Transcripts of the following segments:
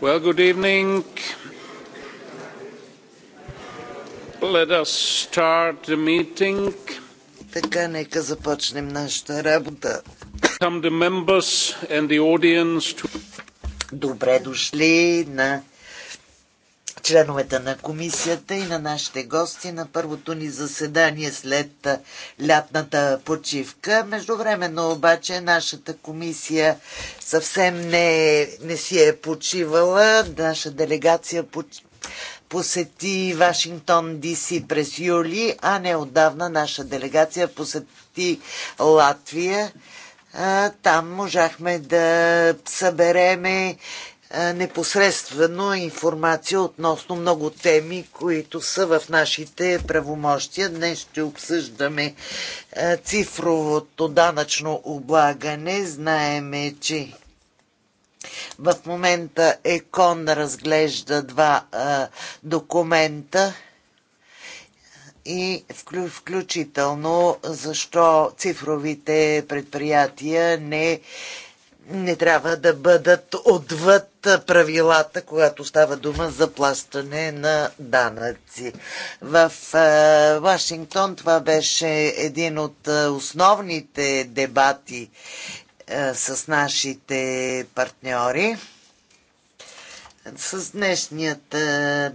Well, good evening. Let us start the meeting. Така, нека започнем нашата работа. Come the members and the audience to... Добре дошли на членовете на комисията и на нашите гости на първото ни заседание след лятната почивка. Междувременно обаче нашата комисия съвсем не, не си е почивала. Наша делегация посети Вашингтон Диси през юли, а не отдавна наша делегация посети Латвия. Там можахме да събереме е, непосредствено информация относно много теми, които са в нашите правомощия. Днес ще обсъждаме е, цифровото данъчно облагане. Знаеме, че в момента ЕКОН разглежда два е, документа и включително защо цифровите предприятия не, не трябва да бъдат отвъд правилата, когато става дума за плащане на данъци. В е, Вашингтон това беше един от е, основните дебати е, с нашите партньори. С днешният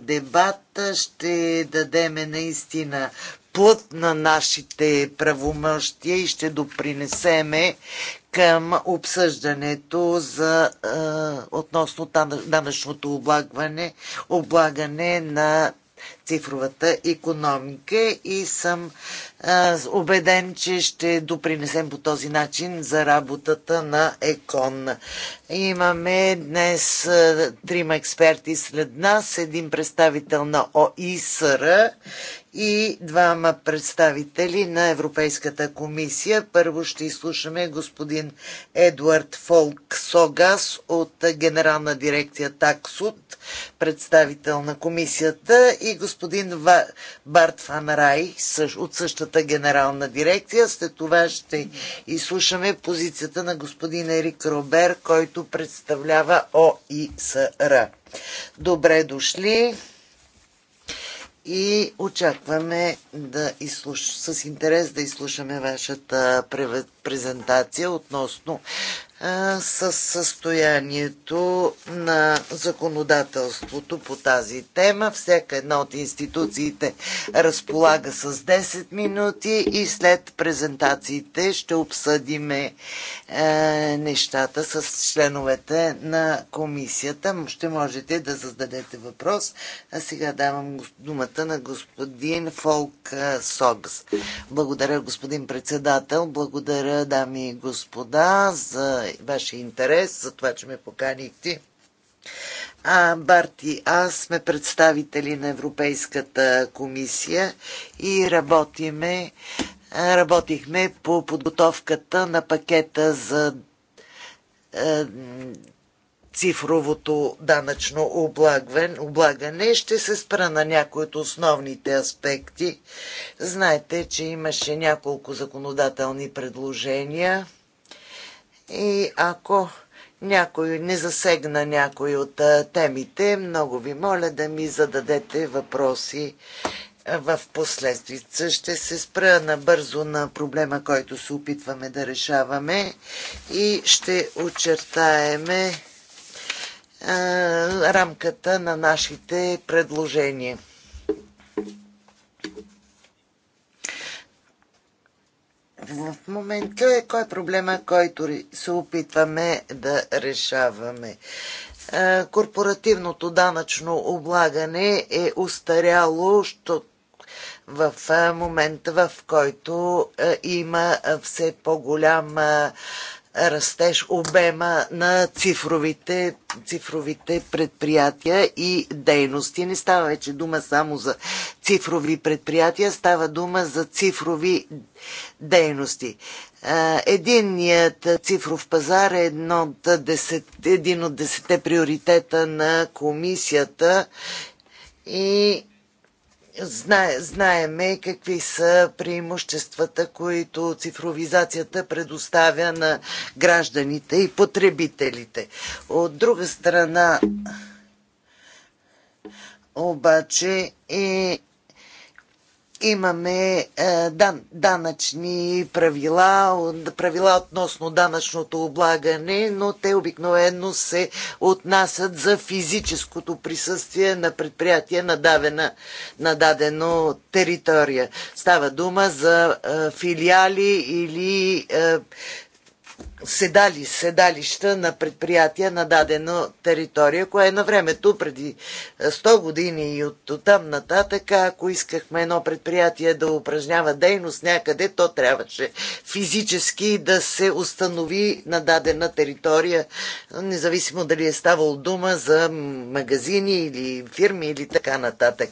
дебат ще дадеме наистина плът на нашите правомощия и ще допринесеме към обсъждането за, е, относно данъчното облагване, облагане на цифровата економика и съм убеден, че ще допринесем по този начин за работата на ЕКОН. Имаме днес трима експерти след нас, един представител на ОИСР и двама представители на Европейската комисия. Първо ще изслушаме господин Едуард Фолк Согас от Генерална дирекция Таксуд, представител на комисията и господин Барт Фан Рай от същата съответната генерална дирекция. След това ще изслушаме позицията на господин Ерик Робер, който представлява ОИСР. Добре дошли и очакваме да изслуш... с интерес да изслушаме вашата презентация относно със състоянието на законодателството по тази тема. Всяка една от институциите разполага с 10 минути и след презентациите ще обсъдиме е, нещата с членовете на комисията. Ще можете да зададете въпрос. А сега давам думата на господин Фолк е, Согс. Благодаря, господин председател. Благодаря, дами и господа, за вашия интерес, за това, че ме поканихте. А, Барти, аз сме представители на Европейската комисия и работиме, работихме по подготовката на пакета за цифровото данъчно облагане. Ще се спра на някои от основните аспекти. Знаете, че имаше няколко законодателни предложения – и ако някой не засегна някой от темите, много ви моля да ми зададете въпроси в последствие. Ще се спра набързо на проблема, който се опитваме да решаваме и ще очертаеме рамката на нашите предложения. в момента е кой е проблема, който се опитваме да решаваме. Корпоративното данъчно облагане е устаряло, що в момента, в който има все по голяма растеж обема на цифровите, цифровите предприятия и дейности. Не става вече дума само за цифрови предприятия, става дума за цифрови дейности. Единният цифров пазар е едно от десет, един от десете приоритета на комисията и Знае, знаеме какви са преимуществата, които цифровизацията предоставя на гражданите и потребителите. От друга страна, обаче е имаме е, дан, данъчни правила, правила относно данъчното облагане, но те обикновено се отнасят за физическото присъствие на предприятие на, давена, на дадено територия. Става дума за е, филиали или е, седали, седалища на предприятия на дадена територия, кое на времето преди 100 е, години и от, от там нататък, ако искахме едно предприятие да упражнява дейност някъде, то трябваше физически да се установи на дадена територия, независимо дали е ставало дума за магазини или фирми или така нататък.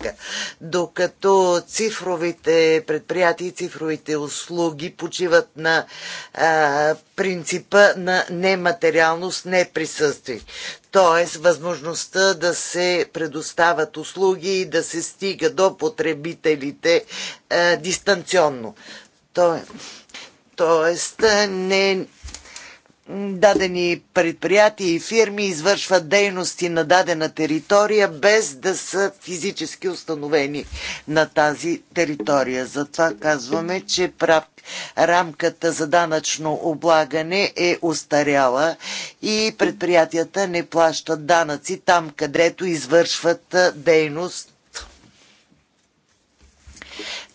Докато цифровите предприятия и цифровите услуги почиват на а, принцип принципа на нематериалност, не присъствие. Тоест, възможността да се предоставят услуги и да се стига до потребителите е, дистанционно. Т.е. тоест, е, не дадени предприятия и фирми извършват дейности на дадена територия без да са физически установени на тази територия. Затова казваме, че прав... рамката за данъчно облагане е устаряла и предприятията не плащат данъци там, където извършват дейност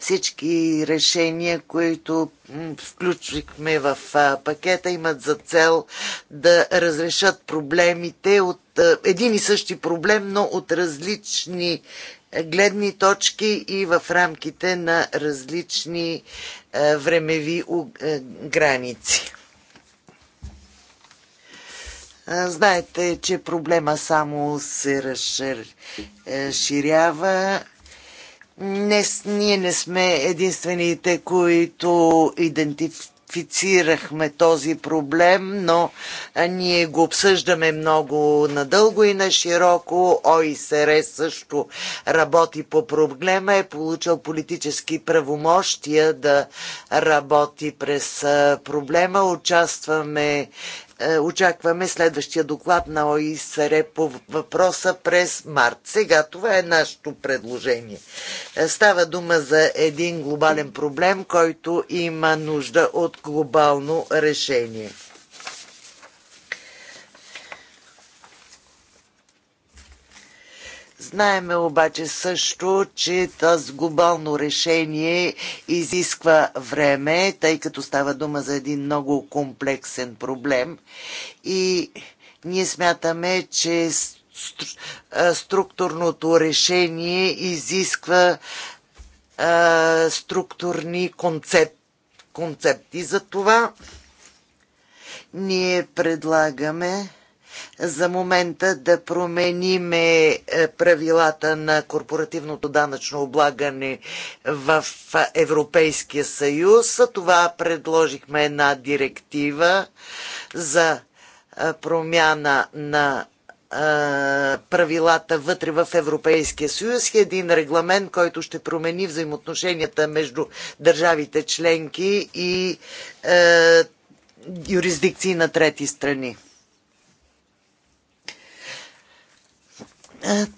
всички решения, които включихме в пакета, имат за цел да разрешат проблемите от един и същи проблем, но от различни гледни точки и в рамките на различни времеви граници. Знаете, че проблема само се разширява. Е, не, ние не сме единствените, които идентифицирахме този проблем, но ние го обсъждаме много надълго и на широко. ОИСР също работи по проблема, е получил политически правомощия да работи през проблема. Участваме е, очакваме следващия доклад на ОИСР по въпроса през март. Сега това е нашето предложение. Е, става дума за един глобален проблем, който има нужда от глобално решение. Знаеме обаче също, че тази глобално решение изисква време, тъй като става дума за един много комплексен проблем и ние смятаме, че структурното решение изисква структурни концеп, концепти. За това ние предлагаме за момента да промениме е, правилата на корпоративното данъчно облагане в е, Европейския съюз. Това предложихме една директива за е, промяна на правилата вътре в Европейския съюз и един регламент, който ще промени взаимоотношенията между държавите членки и е, юрисдикции на трети страни.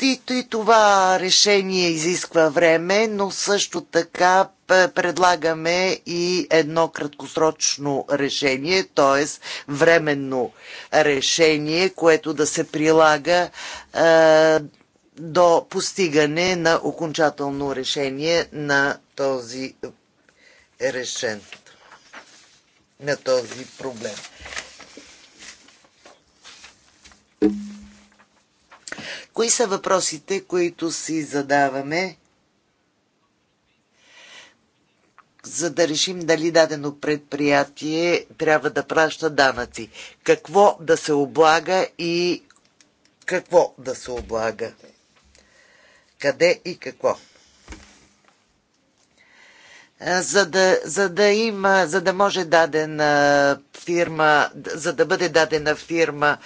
И, и това решение изисква време, но също така предлагаме и едно краткосрочно решение, т.е. временно решение, което да се прилага е, до постигане на окончателно решение на този решен на този проблем. Кои са въпросите, които си задаваме, за да решим дали дадено предприятие трябва да праща данъци? Какво да се облага и какво да се облага? Къде и какво? за да, за да има, за да може дадена фирма, за да бъде дадена фирма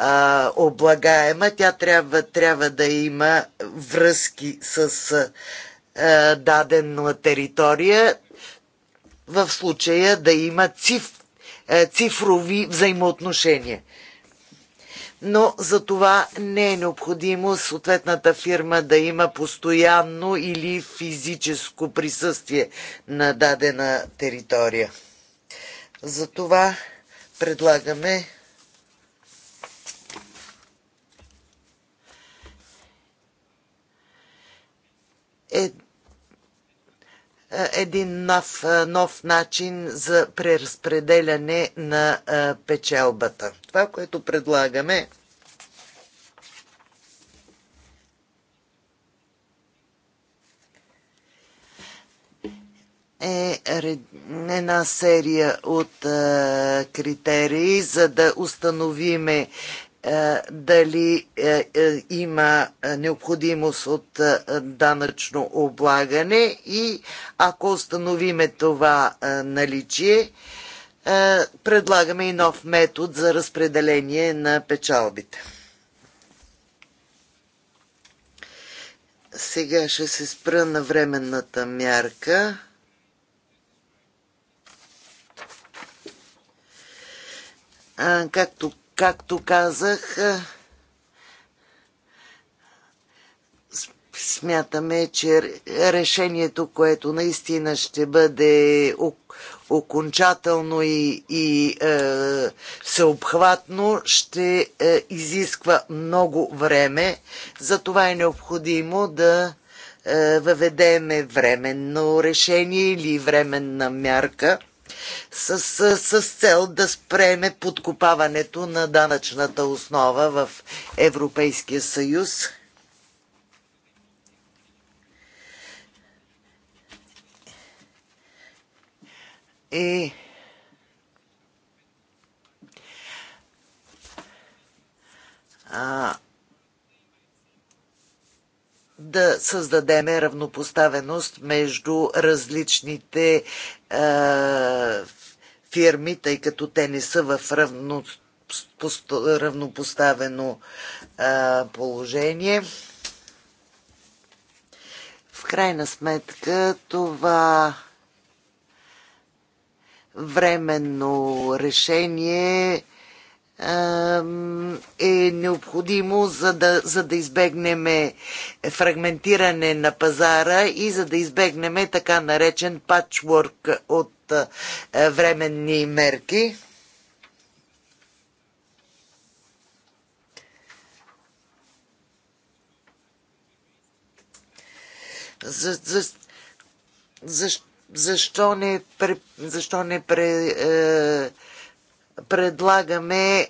а, облагаема, тя трябва, трябва да има връзки с а, дадена територия, в случая да има циф, а, цифрови взаимоотношения. Но за това не е необходимо съответната фирма да има постоянно или физическо присъствие на дадена територия. Затова предлагаме Е, е един нов, е, нов начин за преразпределяне на е, печелбата. Това, което предлагаме е една серия от критерии, за да установиме е, дали е, е, има необходимост от данъчно облагане и ако установиме това наличие, предлагаме и нов метод за разпределение на печалбите. Сега ще се спра на временната мярка. Както Както казах, смятаме, че решението, което наистина ще бъде окончателно и, и е, всеобхватно, ще е, изисква много време. Затова е необходимо да е, въведеме временно решение или временна мярка – с, с, с цел да спреме подкопаването на данъчната основа в Европейския съюз. И а, да създадеме равнопоставеност между различните е, фирми, тъй като те не са в равно, равнопоставено е, положение. В крайна сметка това временно решение е необходимо, за да, за да избегнем фрагментиране на пазара и за да избегнем така наречен патчворк от временни мерки. За, за, за, защо не, защо не пре, е, предлагаме е,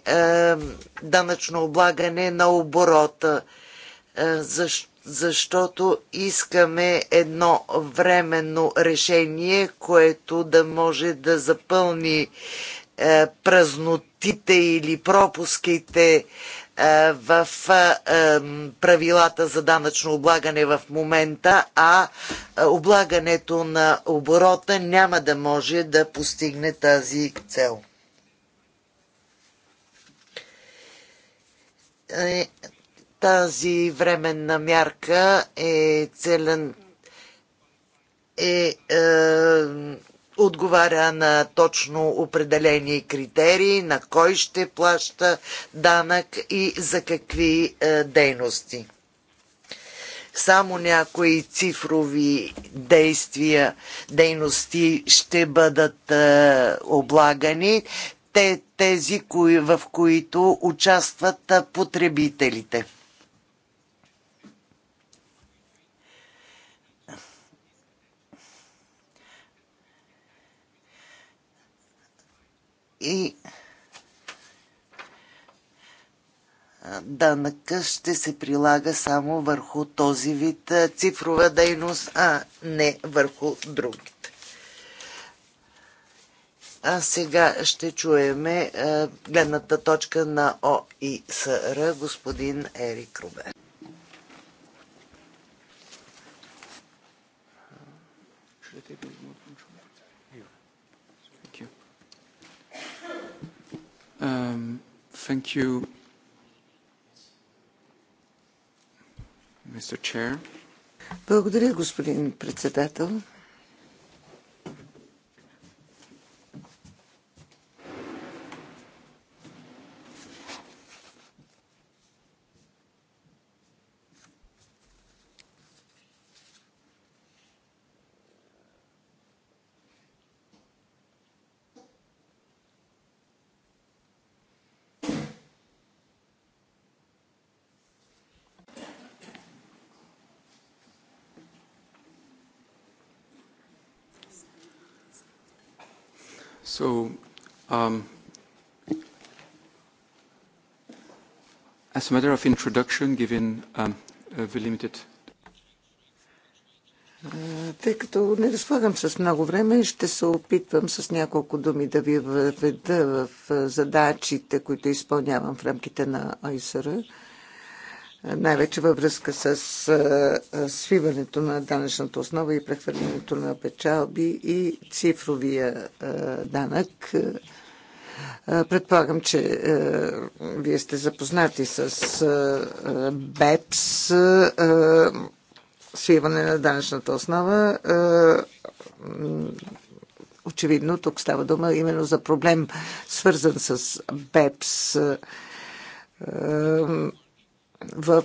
данъчно облагане на оборота, е, защ, защото искаме едно временно решение, което да може да запълни е, празнотите или пропуските е, в е, правилата за данъчно облагане в момента, а е, облагането на оборота няма да може да постигне тази цел. Е, тази временна мярка е целен е, е отговаря на точно определени критерии, на кой ще плаща данък и за какви е, дейности. Само някои цифрови действия, дейности ще бъдат е, облагани, те, тези, кои, в които участват потребителите. И данъка ще се прилага само върху този вид цифрова дейност, а не върху другите. А сега ще чуеме е, гледната точка на ОИСР, господин Ерик Рубен. Um, thank you, Mr. Chair. Благодаря, господин председател. As a matter of introduction, given the um, uh, limited тъй като не разполагам с много време, ще се опитвам с няколко думи да ви въведа в задачите, които изпълнявам в рамките на ОИСР, най-вече във връзка с свиването на данъчната основа и прехвърлянето на печалби и цифровия данък, Предполагам, че е, вие сте запознати с е, БЕПС, е, свиване на данъчната основа. Очевидно, тук става дума именно за проблем, свързан с БЕПС в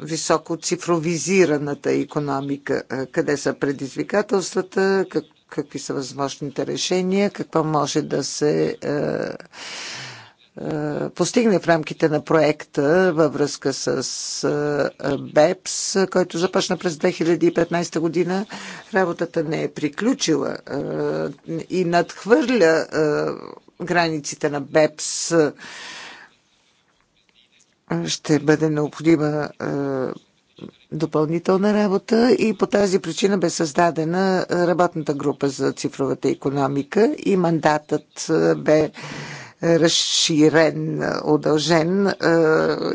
високо цифровизираната економика. Къде са предизвикателствата, как, какви са възможните решения, какво може да се е, е, постигне в рамките на проекта във връзка с е, БЕПС, който започна през 2015 година. Работата не е приключила и надхвърля границите на БЕПС. Ще бъде необходима допълнителна работа и по тази причина бе създадена работната група за цифровата економика и мандатът е, бе е, разширен, е, удължен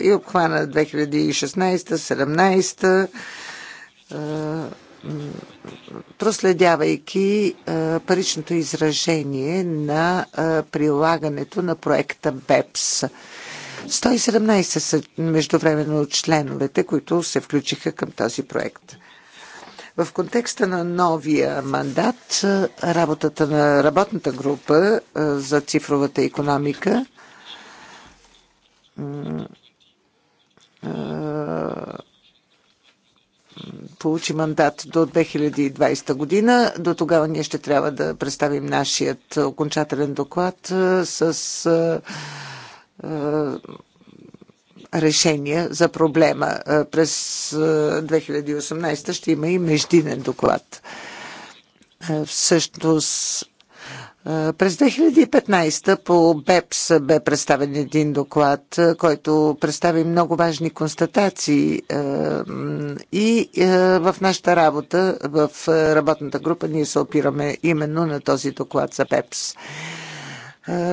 и обхвана 2016 2017 проследявайки паричното изражение на прилагането на проекта БЕПС – 117 са междувременно членовете, които се включиха към този проект. В контекста на новия мандат, работата на работната група е, за цифровата економика е, получи мандат до 2020 година. До тогава ние ще трябва да представим нашият окончателен доклад е, с е, решения за проблема. Е, през 2018 е, ще има и междинен доклад. Всъщност, през 2015 по БЕПС бе представен един доклад, който представи много важни констатации и в нашата работа, в работната група, ние се опираме именно на този доклад за БЕПС.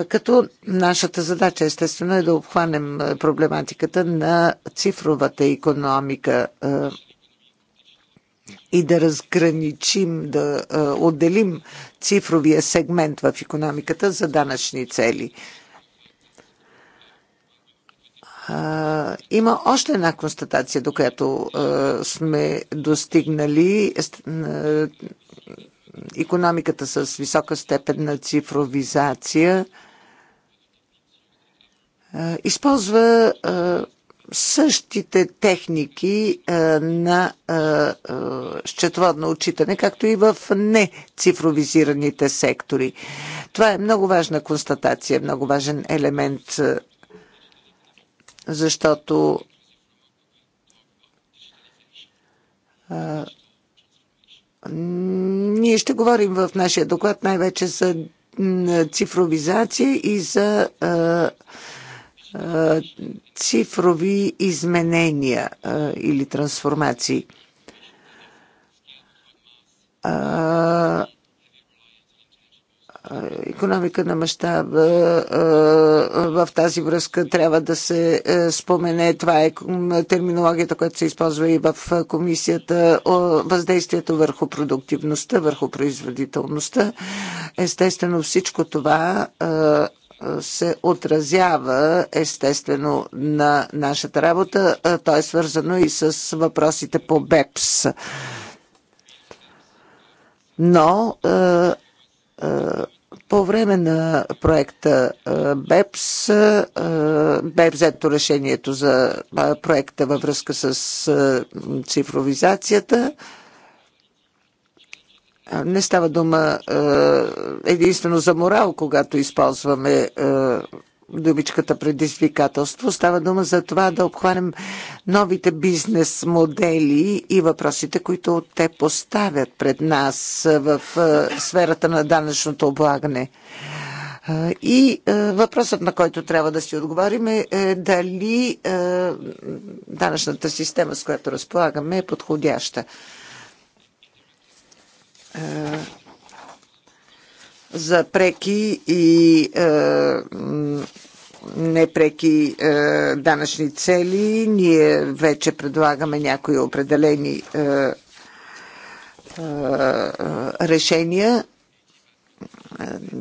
Като нашата задача, естествено, е да обхванем проблематиката на цифровата економика и да разграничим, да отделим цифровия сегмент в економиката за данъчни цели. Има още една констатация, до която сме достигнали. Е, економиката с висока степен на цифровизация използва същите техники на счетоводно отчитане, както и в нецифровизираните сектори. Това е много важна констатация, много важен елемент, защото ние ще говорим в нашия доклад най-вече за цифровизация и за цифрови изменения или трансформации економика на мащаба в тази връзка трябва да се е, спомене. Това е терминологията, която се използва и в комисията. Въздействието върху продуктивността, върху производителността. Естествено всичко това се отразява естествено на нашата работа. То е свързано и с въпросите по БЕПС. Но по време на проекта БЕПС бе взето решението за проекта във връзка с цифровизацията. Не става дума единствено за морал, когато използваме думичката предизвикателство. Става дума за това да обхванем новите бизнес модели и въпросите, които те поставят пред нас в е, сферата на данъчното облагане. Е, и е, въпросът, на който трябва да си отговорим е дали данъчната система, с която разполагаме, е подходяща за преки и е, непреки е, данъчни цели. Ние вече предлагаме някои определени е, решения,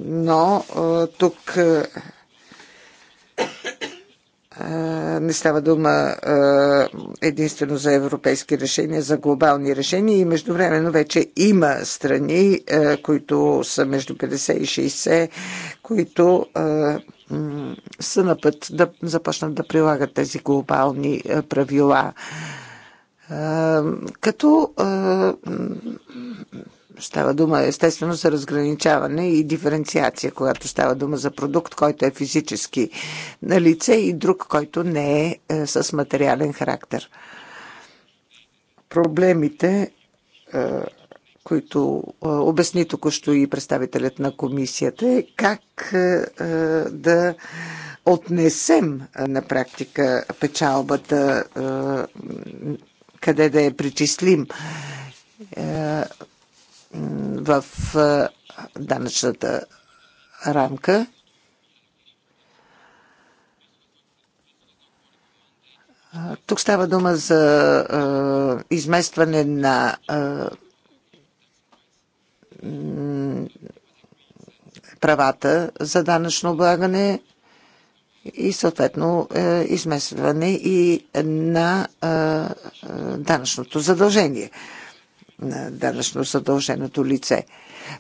но тук не става дума единствено за европейски решения, за глобални решения и междувременно вече има страни, които са между 50 и 60, които са на път да започнат да прилагат тези глобални правила. Като Става дума естествено за разграничаване и диференциация, когато става дума за продукт, който е физически на лице и друг, който не е, е с материален характер. Проблемите, е, които е, обясни току-що и представителят на комисията, е как да отнесем на практика печалбата, къде да я причислим в данъчната рамка. Тук става дума за изместване на правата за данъчно облагане и съответно е, изместване и на данъчното задължение на данъчно задълженото лице.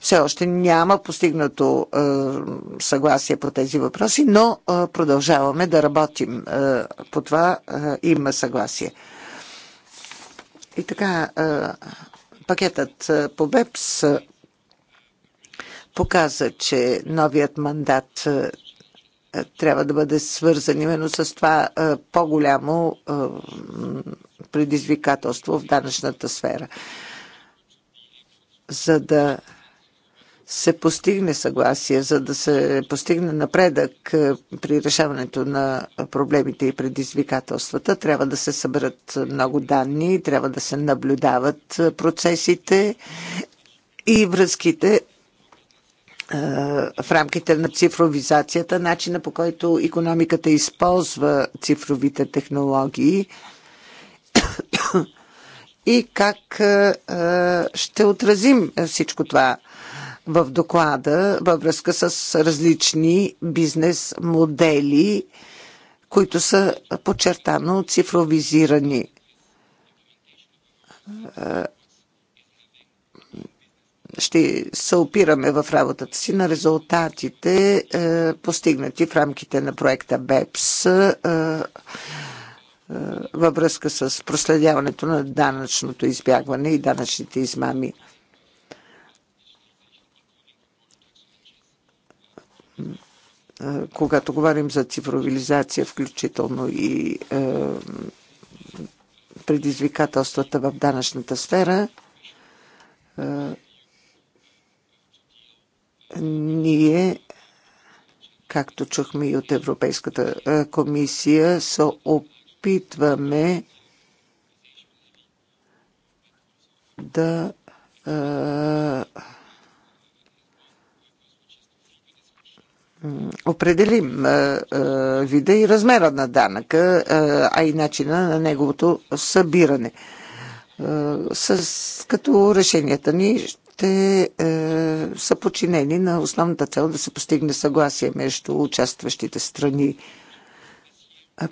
Все още няма постигнато е, съгласие по тези въпроси, но е, продължаваме да работим. Е, по това е, има съгласие. И така, е, пакетът е, по БЕПС е, показа, че новият мандат е, е трябва да бъде свързан именно с това е, по-голямо е, предизвикателство в данъчната сфера за да се постигне съгласие, за да се постигне напредък е, при решаването на проблемите и предизвикателствата, трябва да се съберат много данни, трябва да се наблюдават е, процесите и връзките е, в рамките на цифровизацията, начина по който економиката използва цифровите технологии и как е, е, ще отразим всичко това в доклада във връзка с различни бизнес модели, които са е, подчертано цифровизирани. Ще се опираме в работата си на резултатите, постигнати в рамките на проекта БЕПС е, във връзка с проследяването на данъчното избягване и данъчните измами. Е, когато говорим за цифровилизация, включително и е, предизвикателствата в данъчната сфера, ние, както чухме и от Европейската комисия, са опитваме опитваме да определим вида и размера на данъка, а и начина на неговото събиране. С, като решенията ни ще са подчинени на основната цел да се постигне съгласие между участващите страни.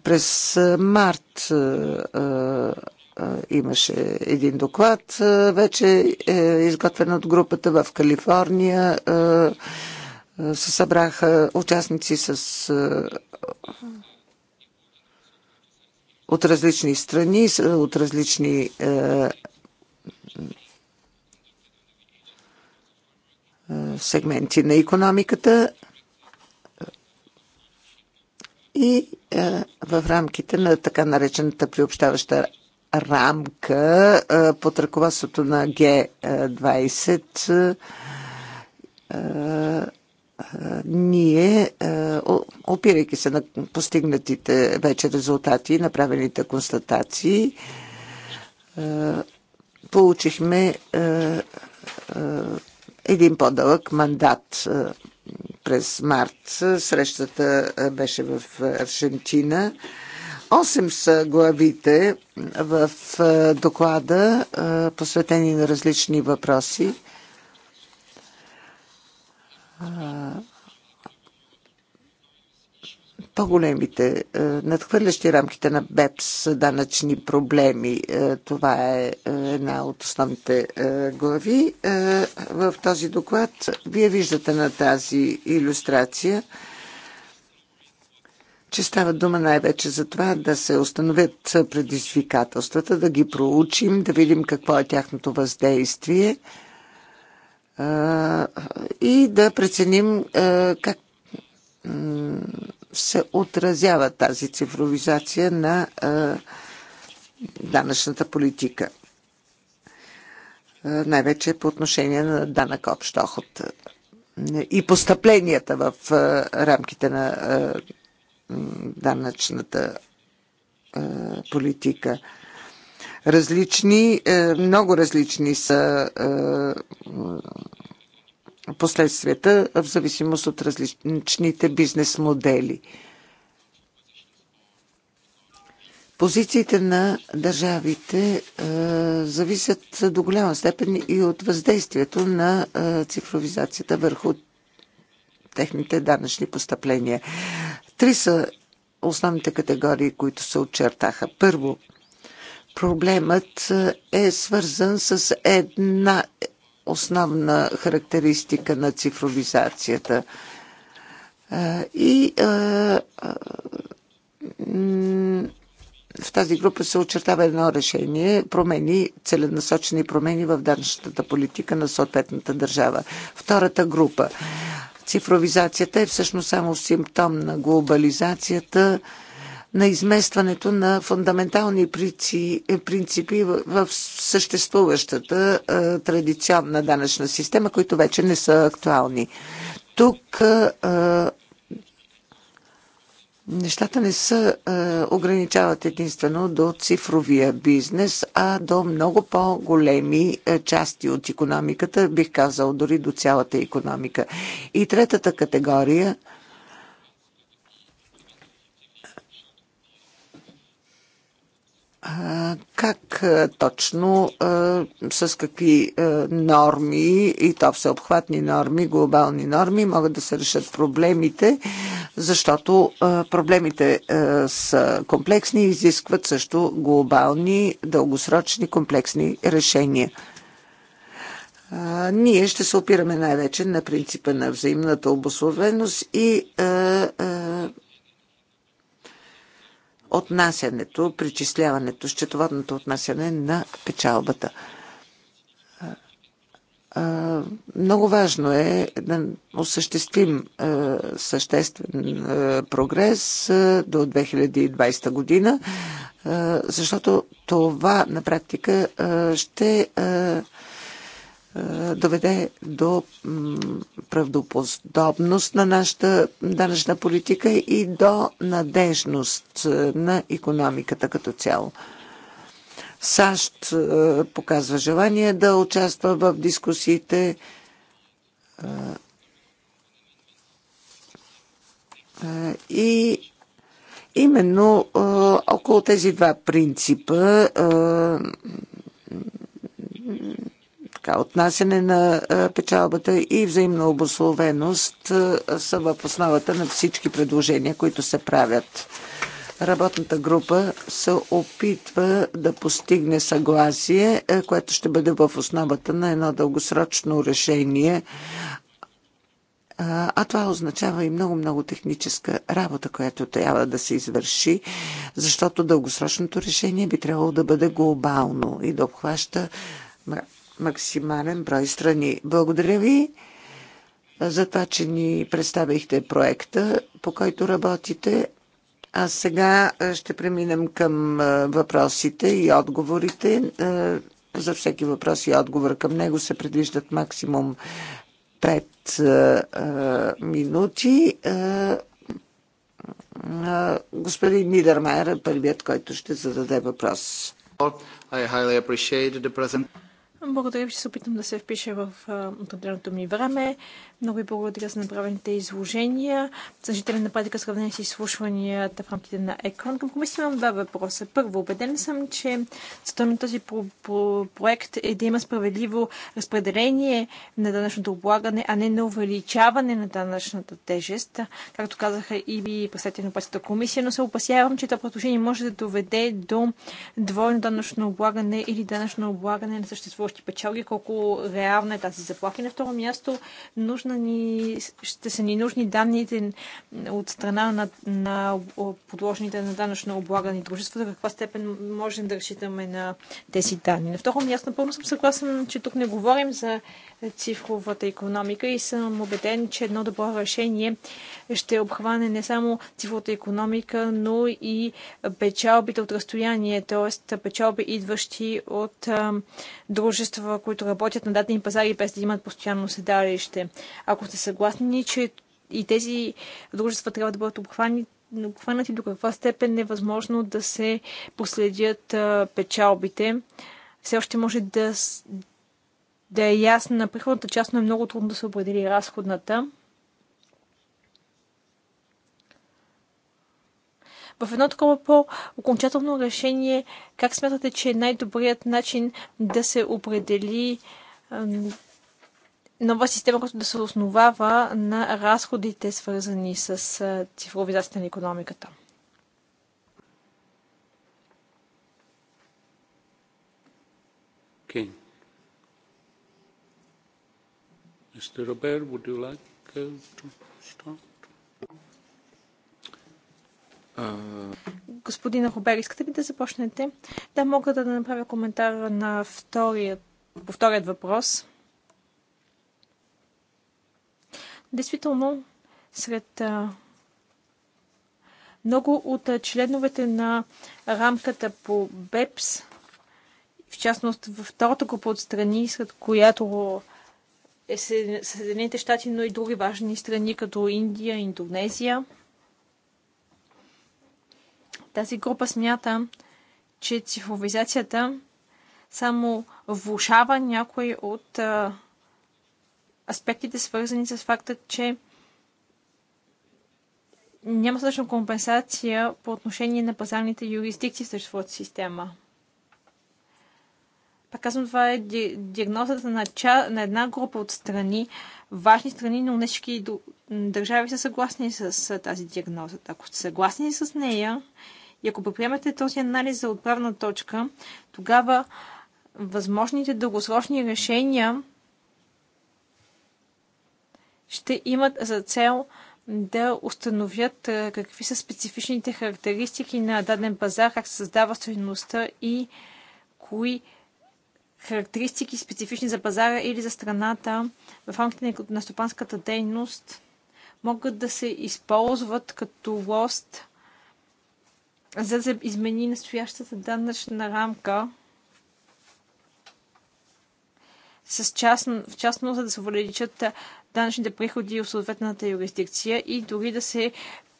През март имаше един доклад, вече е изготвен от групата в Калифорния. Се събраха участници с от различни страни, от различни е, е, сегменти на економиката и е, в рамките на така наречената приобщаваща рамка е, под ръководството на Г20 е, ние, опирайки се на постигнатите вече резултати и направените констатации, получихме един по-дълъг мандат през март. Срещата беше в Аржентина. Осем са главите в доклада, посветени на различни въпроси по-големите, е, надхвърлящи рамките на БЕПС данъчни проблеми. Е, това е, е една от основните глави в този доклад. Вие виждате на тази иллюстрация, че става дума най-вече за това да се установят предизвикателствата, да ги проучим, да видим какво е тяхното въздействие и да преценим как се отразява тази цифровизация на данъчната политика. Най-вече по отношение на данък общ доход и постъпленията в рамките на данъчната политика. Различни, много различни са последствията в зависимост от различните бизнес модели. Позициите на държавите а, е, зависят до голяма степен и от въздействието на а, е, цифровизацията върху техните данъчни постъпления. Три са основните категории, които се очертаха. Първо, проблемът е свързан с една основна характеристика на цифровизацията. И в тази група се очертава едно решение промени, целенасочени промени в данъчната политика на съответната държава. Втората група. Цифровизацията е всъщност само симптом на глобализацията на изместването на фундаментални е, принципи в съществуващата е, традиционна данъчна система, които вече не са актуални. Тук е, нещата не се ограничават единствено до цифровия бизнес, а до много по-големи части от економиката, бих казал дори до цялата економика. И третата категория – Как точно, с какви норми и то всеобхватни норми, глобални норми могат да се решат проблемите, защото проблемите са комплексни и изискват също глобални, дългосрочни, комплексни решения. Ние ще се опираме най-вече на принципа на взаимната обословеност и отнасянето, причисляването, счетоводното отнасяне на печалбата. Много важно е да осъществим съществен прогрес до 2020 година, защото това на практика ще доведе до правдоподобност на нашата данъчна политика и до надежност на економиката като цяло. САЩ показва желание да участва в дискусиите. И именно около тези два принципа така, отнасяне на е, печалбата и взаимна обословеност е, са в основата на всички предложения, които се правят. Работната група се опитва да постигне съгласие, е, което ще бъде в основата на едно дългосрочно решение. А това означава и много-много техническа работа, която трябва да се извърши, защото дългосрочното решение би трябвало да бъде глобално и да обхваща максимален брой страни. Благодаря ви за това, че ни представихте проекта, по който работите. А сега ще преминем към въпросите и отговорите. За всеки въпрос и отговор към него се предвиждат максимум 5 минути. Господин Нидермайер е първият, който ще зададе въпрос. Благодаря ви, че се опитам да се впиша в определеното ми време. Много ви благодаря за направените изложения. на практика сравнение с изслушванията в рамките на ЕКОН. Към комисия имам два въпроса. Първо, убеден съм, че целта на този про- про- проект е да има справедливо разпределение на данъчното облагане, а не на увеличаване на данъчната тежест. Както казаха и ви представители на Пасата комисия, но се опасявам, че това предложение може да доведе до двойно данъчно облагане или данъчно облагане на съществуващи печалги, колко реална е тази заплаха. И на второ място, нужна на ни, ще са ни нужни данните от страна на, на подложените на данъчно облагани дружества, до каква степен можем да разчитаме на тези данни. На второ място, напълно съм съгласен, че тук не говорим за цифровата економика и съм убеден, че едно добро решение ще обхване не само цифровата економика, но и печалбите от разстояние, т.е. печалби идващи от дружества, които работят на дадени пазари без да имат постоянно седалище. Ако сте съгласни, че и тези дружества трябва да бъдат обхванати, обхванати до каква степен е възможно да се последят печалбите. Все още може да, да е ясна. Приходната част, но е много трудно да се определи разходната. в едно такова по-окончателно решение, как смятате, че е най-добрият начин да се определи нова система, която да се основава на разходите, свързани с цифровизацията на економиката? Okay. Mr. Robert, would you like uh, to... Господина Хубер, искате ли да започнете? Да, мога да направя коментар на вторият, по вторият въпрос. Действително, сред много от членовете на рамката по БЕПС, в частност във втората група от страни, сред която е Съединените щати, но и други важни страни, като Индия, Индонезия – тази група смята, че цифровизацията само влушава някои от а, аспектите, свързани с факта, че няма същност компенсация по отношение на пазарните юрисдикции в съществуващата система. Пак казвам, това е диагнозата на, ча, на една група от страни, важни страни, но не всички държави са съгласни с тази диагноза. Ако сте съгласни с нея и ако приемете този анализ за отправна точка, тогава възможните дългосрочни решения ще имат за цел да установят какви са специфичните характеристики на даден пазар, как се създава стоеността и кои характеристики специфични за пазара или за страната в рамките на стопанската дейност могат да се използват като лост за да измени настоящата данъчна рамка с частно, в частно, за да се увеличат данъчните приходи от съответната юрисдикция и дори да се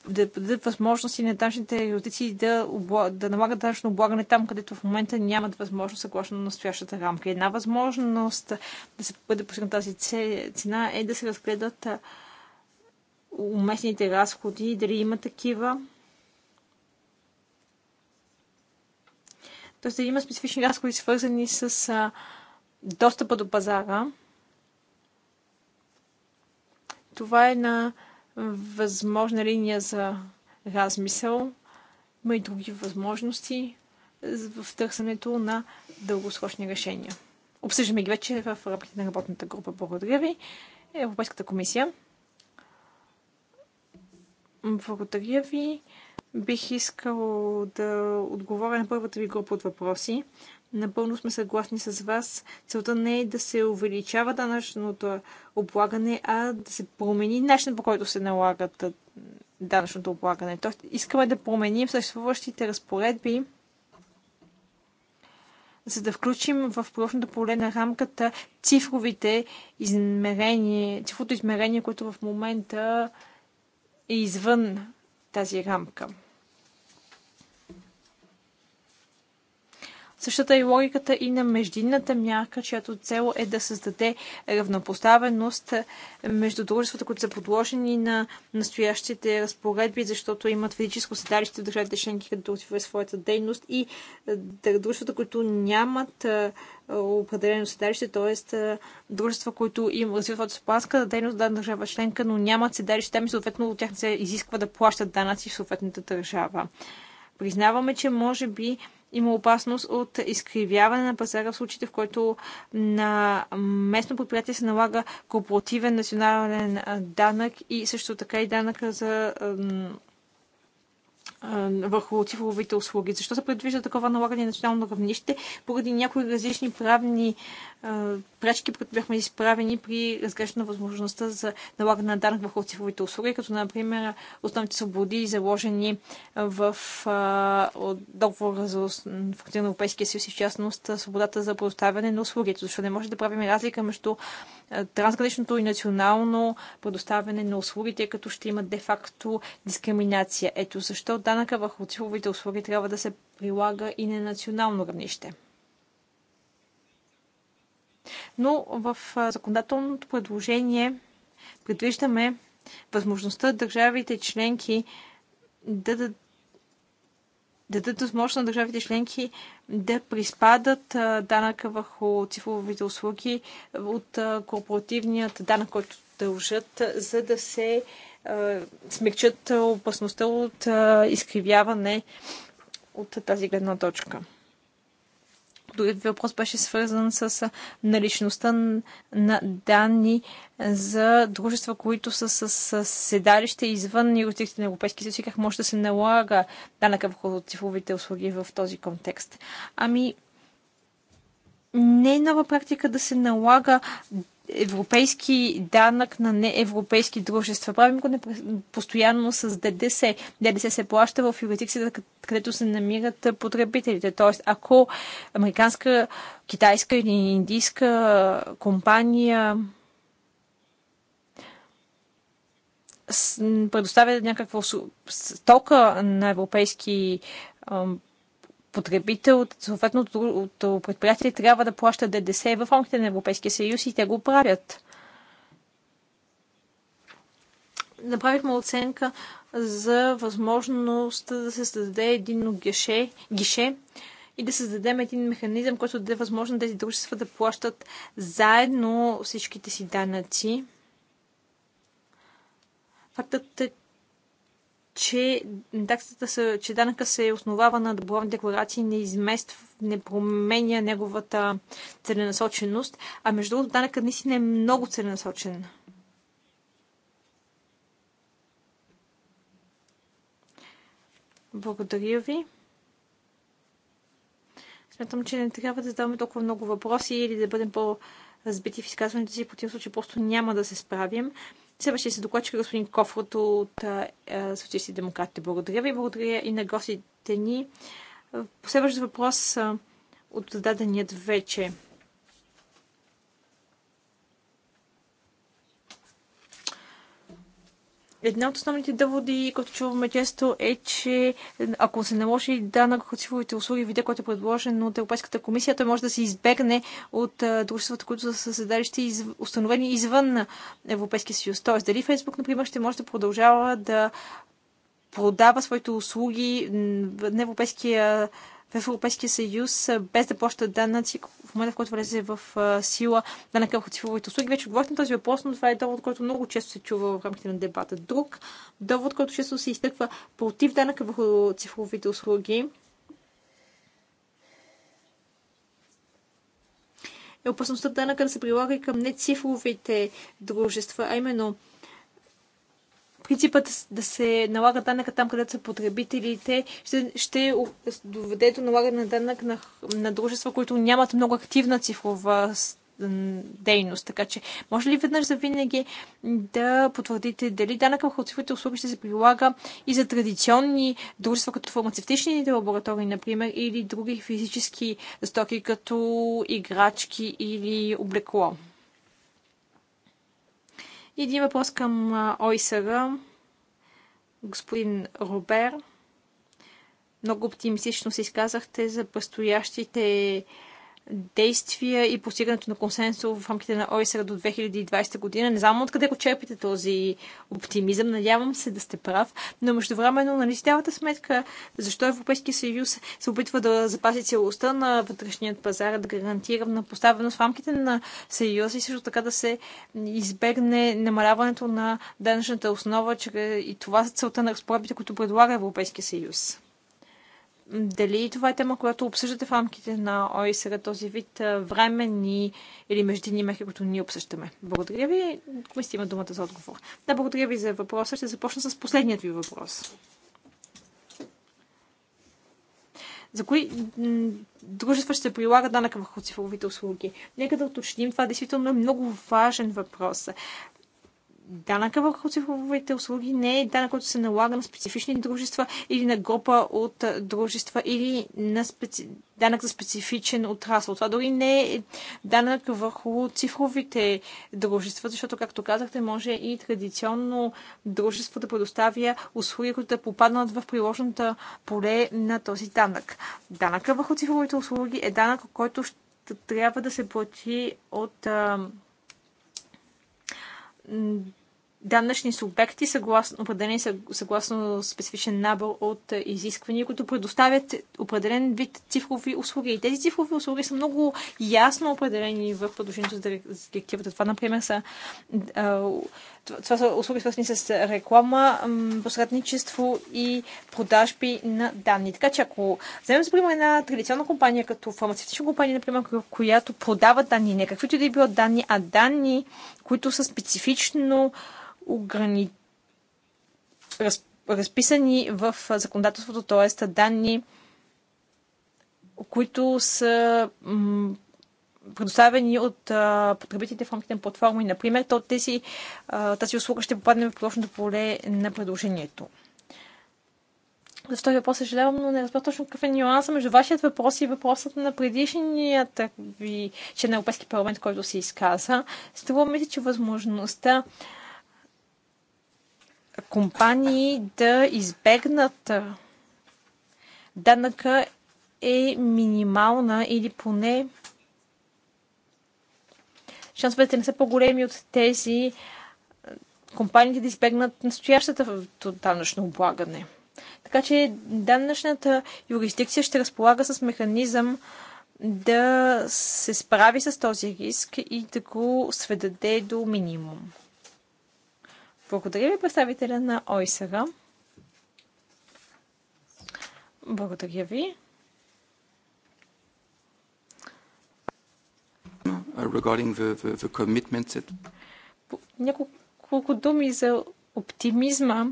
да дадат възможности на данъчните юрисдикции да, обла... да налагат данъчно облагане там, където в момента нямат възможност съгласно на настоящата рамка. Една възможност да се бъде постигната тази цена е да се разгледат уместните разходи дали има такива Тоест да има специфични разходи, свързани с а, достъпа до пазара. Това е една възможна линия за размисъл. Има и други възможности в търсенето на дългосрочни решения. Обсъждаме ги вече в рамките на работната група. Благодаря ви. Европейската комисия. Благодаря ви. Бих искал да отговоря на първата ви група от въпроси. Напълно сме съгласни с вас. Целта не е да се увеличава данъчното облагане, а да се промени начинът по който се налагат данъчното облагане. Тоест, искаме да променим съществуващите разпоредби, за да включим в профилното поле на рамката цифровите измерения, цифровото измерение, което в момента е извън тази рамка. Същата е логиката и на междинната мярка, чиято цел е да създаде равнопоставеност между дружествата, които са подложени на настоящите разпоредби, защото имат физическо седалище в държавите членки, където отива своята дейност и е, дружествата, които нямат е, определено седалище, т.е. дружества, които им развиват стопанска дейност да държава членка, но нямат седалище там и съответно от тях се изисква да плащат данъци в съответната държава. Признаваме, че може би има опасност от изкривяване на пазара в случаите, в който на местно предприятие се налага корпоративен национален данък и също така и данъка за върху цифровите услуги. Защо се предвижда такова налагане на национално равнище? Поради някои различни правни пречки, които бяхме изправени при разгрешна възможността за налагане на данък върху цифровите услуги, като например основните свободи, заложени в договора за функция на Европейския съюз и в частност свободата за предоставяне на услугите, защото не може да правим разлика между трансграничното и национално предоставяне на услугите, като ще има де-факто дискриминация. Ето защо данъка върху цифровите услуги трябва да се прилага и на национално равнище. Но в законодателното предложение предвиждаме възможността държавите членки да, да, да дадат възможност на държавите членки да приспадат данъка върху цифровите услуги от корпоративният данък, който дължат, за да се смягчат смекчат опасността от изкривяване от тази гледна точка въпрос беше свързан с наличността на данни за дружества, които са с, с седалище извън юрисдикцията на Европейския съюз и как може да се налага данъка върху цифровите услуги в този контекст. Ами, не е нова практика да се налага европейски данък на неевропейски дружества. Правим го постоянно с ДДС. ДДС се плаща в юридикцията, където се намират потребителите. Тоест, ако американска, китайска или индийска компания предоставя някаква стока на европейски потребител от предприятие трябва да плаща ДДС в рамките на Европейския съюз и те го правят. Направихме оценка за възможността да се създаде един гише, гише и да създадем един механизъм, който да е възможно тези дружества да плащат заедно всичките си данъци. Фактът е, че, таксата са, че данъка се основава на добровни декларации, не измества, не променя неговата целенасоченост, а между другото данъка наистина е много целенасочен. Благодаря ви. Смятам, че не трябва да задаваме толкова много въпроси или да бъдем по-разбити в изказването си, по този случай просто няма да се справим. Следващия се докладчика е господин Кофрат от е, Социалисти и демократите. Благодаря ви. Благодаря и на гостите ни. Последващ въпрос от зададеният вече Една от основните доводи, които чуваме често е, че ако се наложи данък на цифровите услуги, видя, който е предложен от Европейската комисия, той може да се избегне от дружествата, които са създадещи из... установени извън Европейския съюз. Тоест, дали Фейсбук, например, ще може да продължава да продава своите услуги на Европейския в Европейския съюз, без да плащат данъци в момента, в който влезе в сила данъка върху цифровите услуги. Вече отговорих на този въпрос, но това е довод, който много често се чува в рамките на дебата. Друг довод, който често се изтъква против данъка върху цифровите услуги, е опасността данъка да се прилага и към нецифровите дружества, а именно – принципът да се налага данъка там, където са потребителите, ще, ще доведе до налагане на данък на, на дружества, които нямат много активна цифрова дейност. Така че, може ли веднъж за винаги да потвърдите дали данъка върху цифровите услуги ще се прилага и за традиционни дружества, като фармацевтичните лаборатории, например, или други физически стоки, като играчки или облекло? И един въпрос към ОИСР. Господин Робер, много оптимистично се изказахте за предстоящите действия и постигането на консенсус в рамките на ОИСР до 2020 година. Не знам откъде го черпите този оптимизъм. Надявам се да сте прав, но междувременно нали си давате сметка защо Европейския съюз се опитва да запази целостта на вътрешният пазар, да гарантира на поставеност в рамките на съюза и също така да се избегне намаляването на данъчната основа и това са целта на разпоредбите, които предлага Европейския съюз дали това е тема, която обсъждате в рамките на ОИСР, този вид временни или междинни мерки, които ние обсъждаме? Благодаря ви. Комисията има думата за отговор. Да, благодаря ви за въпроса. Ще започна с последният ви въпрос. За кои дружества ще прилага данък върху цифровите услуги? Нека да уточним, това действително е много важен въпрос данъка върху цифровите услуги не е данък, който се налага на специфични дружества или на група от дружества или на специ... данък за специфичен отрасъл. Това дори не е данък върху цифровите дружества, защото, както казахте, може и традиционно дружество да предоставя услуги, които да попаднат в приложената поле на този данък. Данъка върху цифровите услуги е данък, който ще трябва да се плати от данъчни субекти, съгласно, определени съгласно специфичен набор от е, изисквания, които предоставят определен вид цифрови услуги. И тези цифрови услуги са много ясно определени в продължението за директивата. Това, например, са, това са услуги, свързани с реклама, посредничество и продажби на данни. Така че, ако вземем, за пример, една традиционна компания, като фармацевтична компания, например, която продава данни, не каквито да е било данни, а данни, които са специфично ограни... раз... разписани в законодателството, т.е. данни, които са предоставени от а, потребителите в рамките на платформи, например, то тези, а, тази услуга ще попадне в прошното поле на предложението. За втори въпрос съжалявам, но не разбрах точно какъв е нюанса между вашият въпрос и въпросът на предишният ви член на Европейски парламент, който се изказа. Струва ми се, че възможността компании да избегнат данъка е минимална или поне шансовете не са по-големи от тези компаниите да избегнат настоящата данъчно облагане. Така че данъчната юрисдикция ще разполага с механизъм да се справи с този риск и да го сведаде до минимум. Благодаря ви, представителя на ОИСАГА. Благодаря ви. Uh, regarding the, the, the commitments that... Няколко думи за оптимизма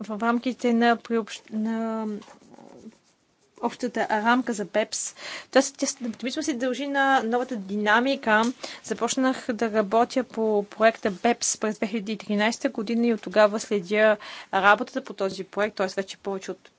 в рамките на, приобщ... на общата рамка за БЕПС. Тоест, оптимизма се дължи на новата динамика. Започнах да работя по проекта БЕПС през 2013 година и от тогава следя работата по този проект, т.е. вече повече от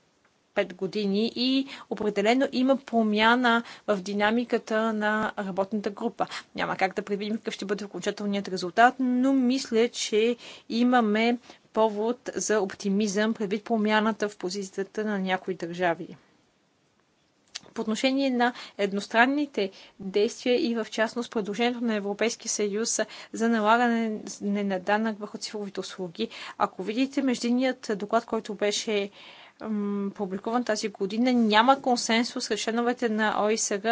5 години и определено има промяна в динамиката на работната група. Няма как да предвидим какъв ще бъде окончателният резултат, но мисля, че имаме повод за оптимизъм предвид промяната в позицията на някои държави по отношение на едностранните действия и в частност предложението на Европейския съюз за налагане на данък върху цифровите услуги. Ако видите междинният доклад, който беше публикуван тази година, няма консенсус сред членовете на ОИСГ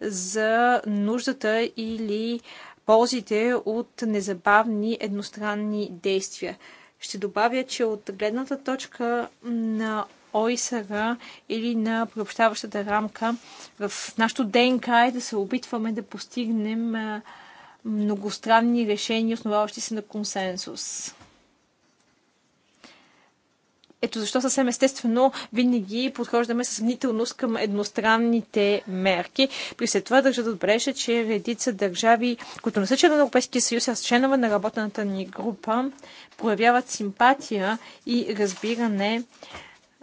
за нуждата или ползите от незабавни едностранни действия. Ще добавя, че от гледната точка на ОИСР или на приобщаващата рамка, в нашото ДНК е да се опитваме да постигнем многостранни решения, основаващи се на консенсус. Ето защо съвсем естествено винаги подхождаме с мнителност към едностранните мерки. При след това държа да отбележа, че редица държави, които не са членове на Европейския съюз, а членове на работната ни група, проявяват симпатия и разбиране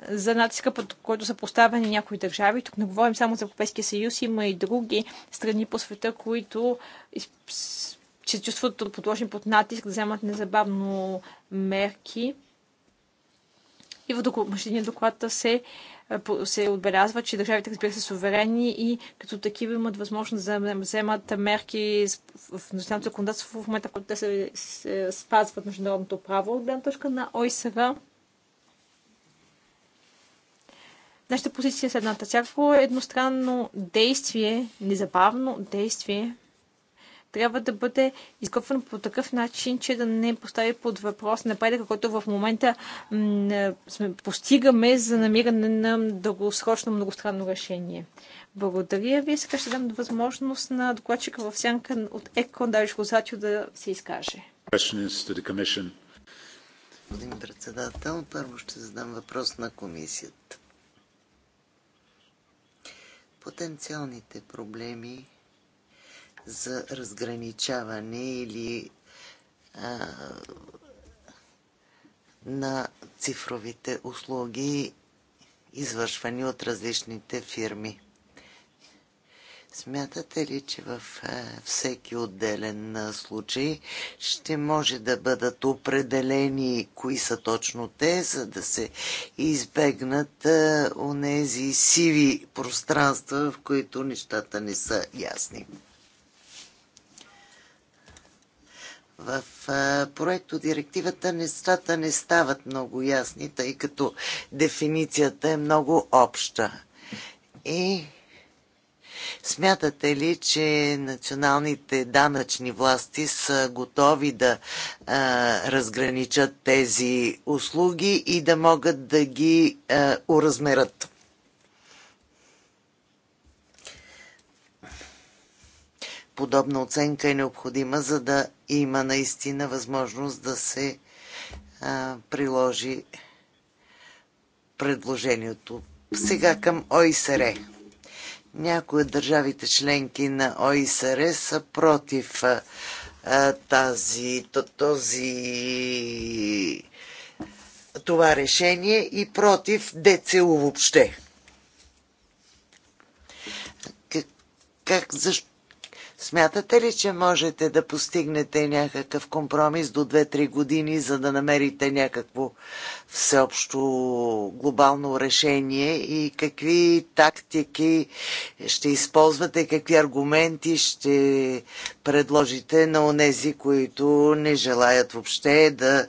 за натиска, под който са поставени някои държави. Тук не говорим само за Европейския съюз, има и други страни по света, които се чувстват подложени под натиск да вземат незабавно мерки. И в машиния доклад се, се отбелязва, че държавите, разбира се, суверени и като такива имат възможност да вземат мерки в националното законодателство в момента, в който те се, се, спазват международното право. От гледна точка на ОИСР, Нашата позиция е следната. Всяко едностранно действие, незабавно действие, трябва да бъде изготвено по такъв начин, че да не постави под въпрос напредъка, който в момента постигаме за намиране на дългосрочно многостранно решение. Благодаря ви. Сега ще дам възможност на докладчика в сянка от ЕКОН давиш Розатио да се изкаже. Господин председател, първо ще задам въпрос на комисията потенциалните проблеми за разграничаване или а, на цифровите услуги, извършвани от различните фирми. Смятате ли, че в е, всеки отделен е, случай ще може да бъдат определени кои са точно те, за да се избегнат е, онези сиви пространства, в които нещата не са ясни? В проекто директивата нещата не стават много ясни, тъй като дефиницията е много обща. И Смятате ли, че националните данъчни власти са готови да а, разграничат тези услуги и да могат да ги а, уразмерят? Подобна оценка е необходима, за да има наистина възможност да се а, приложи предложението. Сега към ОИСРЕ. Някои от държавите членки на ОИСР са против тази, този, това решение и против ДЦУ въобще. Как, как, защо, Смятате ли, че можете да постигнете някакъв компромис до 2-3 години, за да намерите някакво всеобщо глобално решение и какви тактики ще използвате, какви аргументи ще предложите на онези, които не желаят въобще да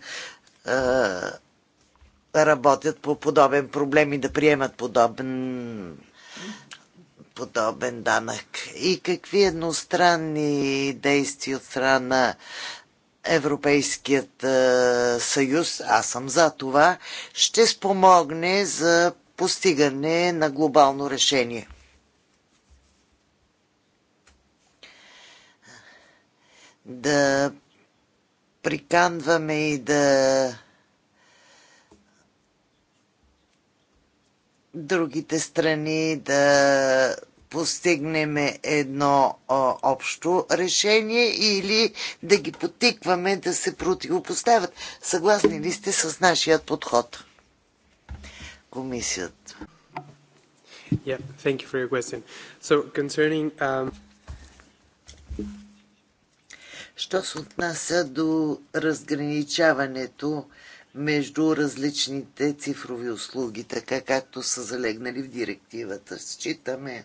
работят по подобен проблем и да приемат подобен подобен данък? И какви едностранни действия от страна Европейският е, съюз, аз съм за това, ще спомогне за постигане на глобално решение. Да приканваме и да другите страни да постигнем едно а, общо решение или да ги потикваме да се противопоставят. Съгласни ли сте с нашия подход? Комисията. Yeah, thank you for your question. So concerning um... Що се отнася до разграничаването между различните цифрови услуги, така както са залегнали в директивата? Считаме,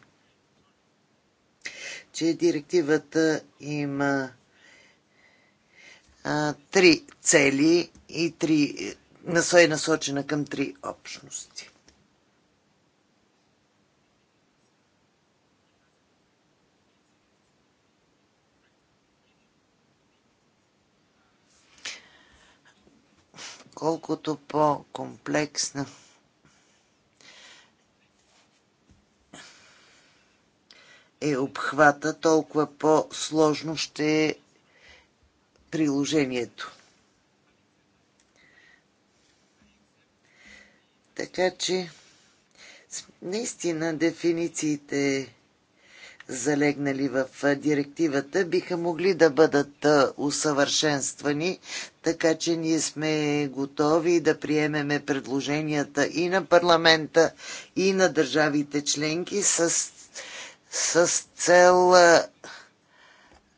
че директивата има а, три цели и три, е насочена към три общности. колкото по-комплексна е обхвата, толкова по-сложно ще е приложението. Така че, наистина, дефинициите залегнали в директивата, биха могли да бъдат усъвършенствани, така че ние сме готови да приемеме предложенията и на парламента, и на държавите членки с с цел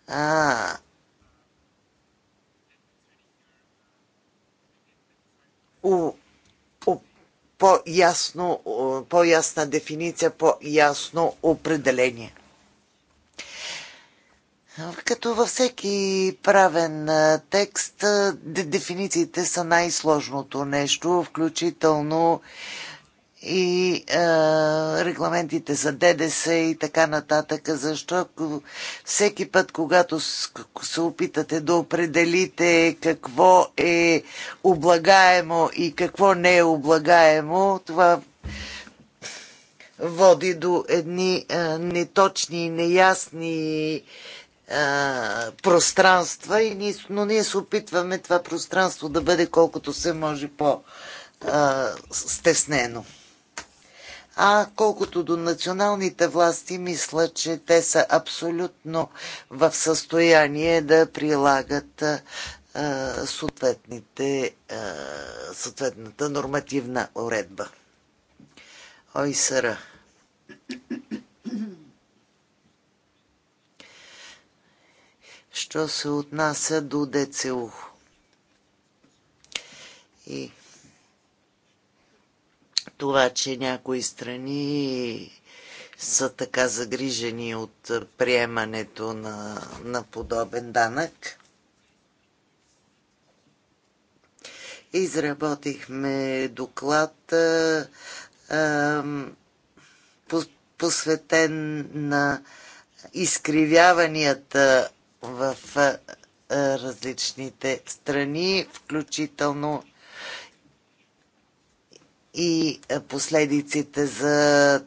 а, у, у, по-ясно, по-ясна дефиниция, по-ясно определение. Като във всеки правен текст, дефинициите са най-сложното нещо, включително и а, регламентите за ДДС и така нататък, защото всеки път, когато се опитате да определите какво е облагаемо и какво не е облагаемо, това води до едни а, неточни, неясни а, пространства, и ние, но ние се опитваме това пространство да бъде колкото се може по- стеснено. А колкото до националните власти, мисля, че те са абсолютно в състояние да прилагат съответните, съответната нормативна уредба. сара. Що се отнася до ДЦУ и това, че някои страни са така загрижени от приемането на, на подобен данък. Изработихме доклад а, а, посветен на изкривяванията в различните страни, включително и е, последиците за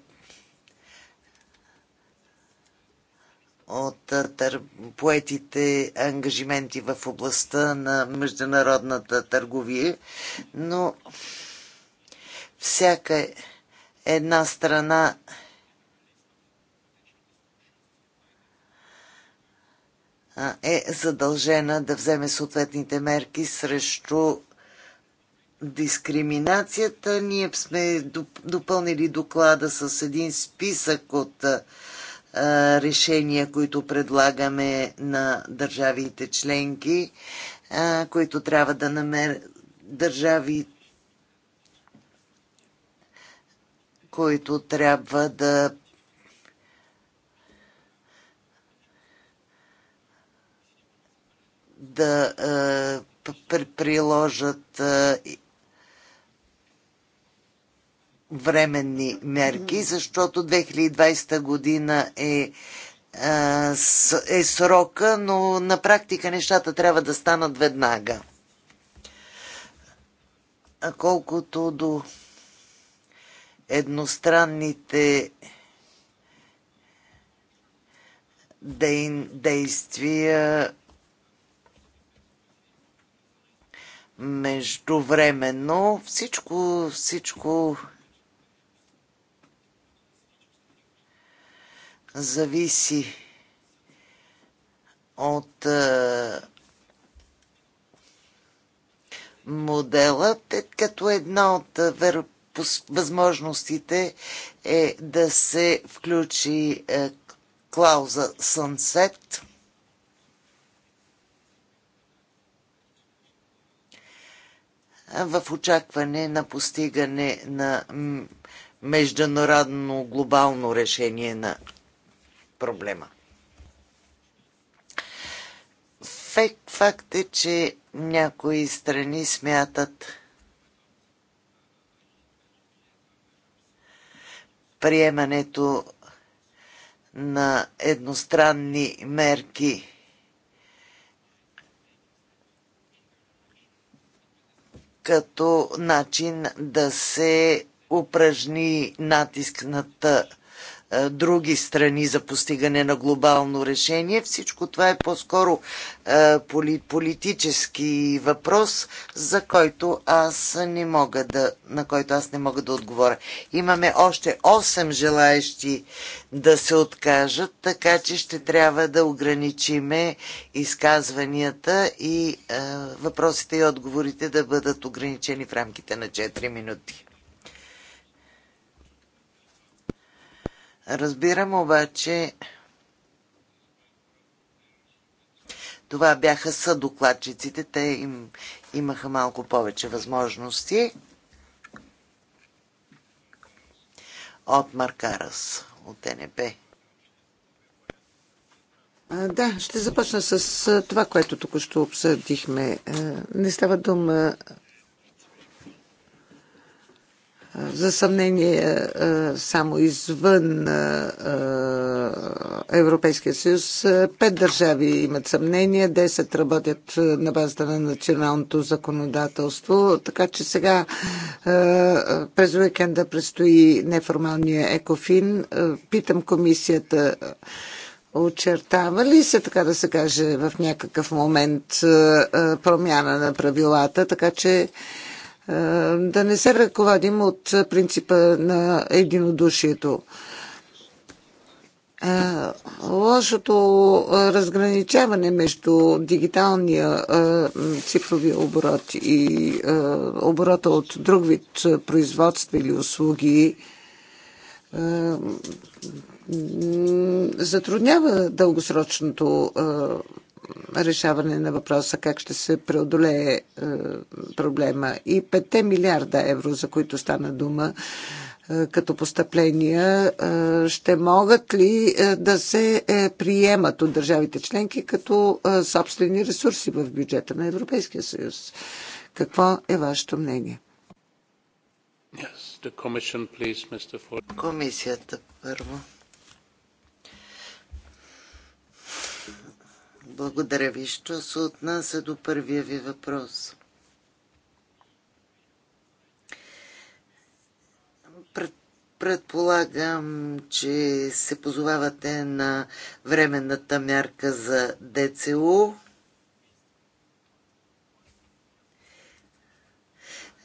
от е, поетите ангажименти в областта на международната търговия, но всяка една страна е задължена да вземе съответните мерки срещу дискриминацията. Ние сме допълнили доклада с един списък от решения, които предлагаме на държавите членки, които трябва да намерят държави, които трябва да да е, приложат е, временни мерки, защото 2020 година е, е срока, но на практика нещата трябва да станат веднага. А колкото до едностранните действия междувременно, всичко, всичко зависи от е, модела, като една от е, възможностите е да се включи е, клауза Sunset. в очакване на постигане на международно глобално решение на проблема. Факт, факт е, че някои страни смятат, приемането на едностранни мерки. като начин да се упражни натиск над други страни за постигане на глобално решение. Всичко това е по-скоро политически въпрос, за който аз не мога да, на който аз не мога да отговоря. Имаме още 8 желаещи да се откажат, така че ще трябва да ограничиме изказванията и въпросите и отговорите да бъдат ограничени в рамките на 4 минути. Разбирам обаче, това бяха съдокладчиците, те им, имаха малко повече възможности. От Маркарас, от НП. Да, ще започна с това, което току-що обсъдихме. Не става дума за съмнение е, е, само извън е, Европейския съюз. Пет държави имат съмнение, десет работят на базата на националното законодателство, така че сега през уикенда предстои неформалния екофин. Питам комисията Очертава ли се, така да се каже, в някакъв момент промяна на правилата, така че е, да не се ръководим от принципа на единодушието. Е, лошото разграничаване между дигиталния е, цифрови оборот и оборота от друг вид производства или услуги затруднява дългосрочното решаване на въпроса как ще се преодолее е, проблема. И 5 милиарда евро, за които стана дума, е, като постъпления, е, ще могат ли да се приемат от държавите членки като собствени ресурси в бюджета на Европейския съюз? Какво е вашето мнение? Yes, please, Комисията първо. Благодаря ви. Що се отнася до първия ви въпрос? предполагам, че се позовавате на временната мярка за ДЦУ.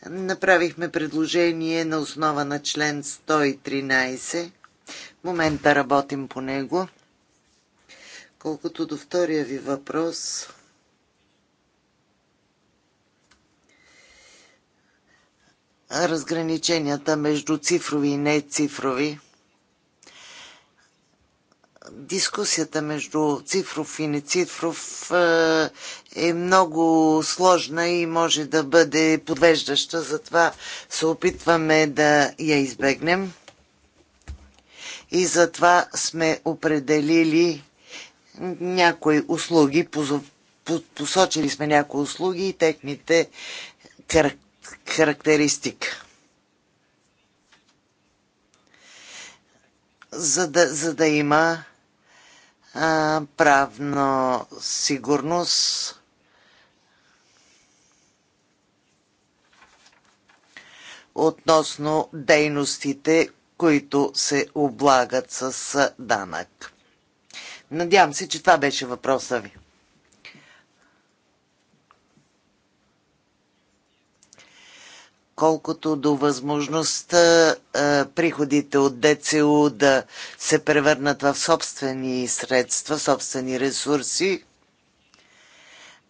Направихме предложение на основа на член 113. В момента работим по него. Колкото до втория ви въпрос, разграниченията между цифрови и нецифрови. Дискусията между цифров и нецифров е, е много сложна и може да бъде подвеждаща, затова се опитваме да я избегнем. И затова сме определили някои услуги, посочили сме някои услуги и техните характеристика. За да, за да има а, правно сигурност относно дейностите, които се облагат с данък. Надявам се, че това беше въпроса ви. колкото до възможността а, е, приходите от ДЦУ да се превърнат в собствени средства, собствени ресурси.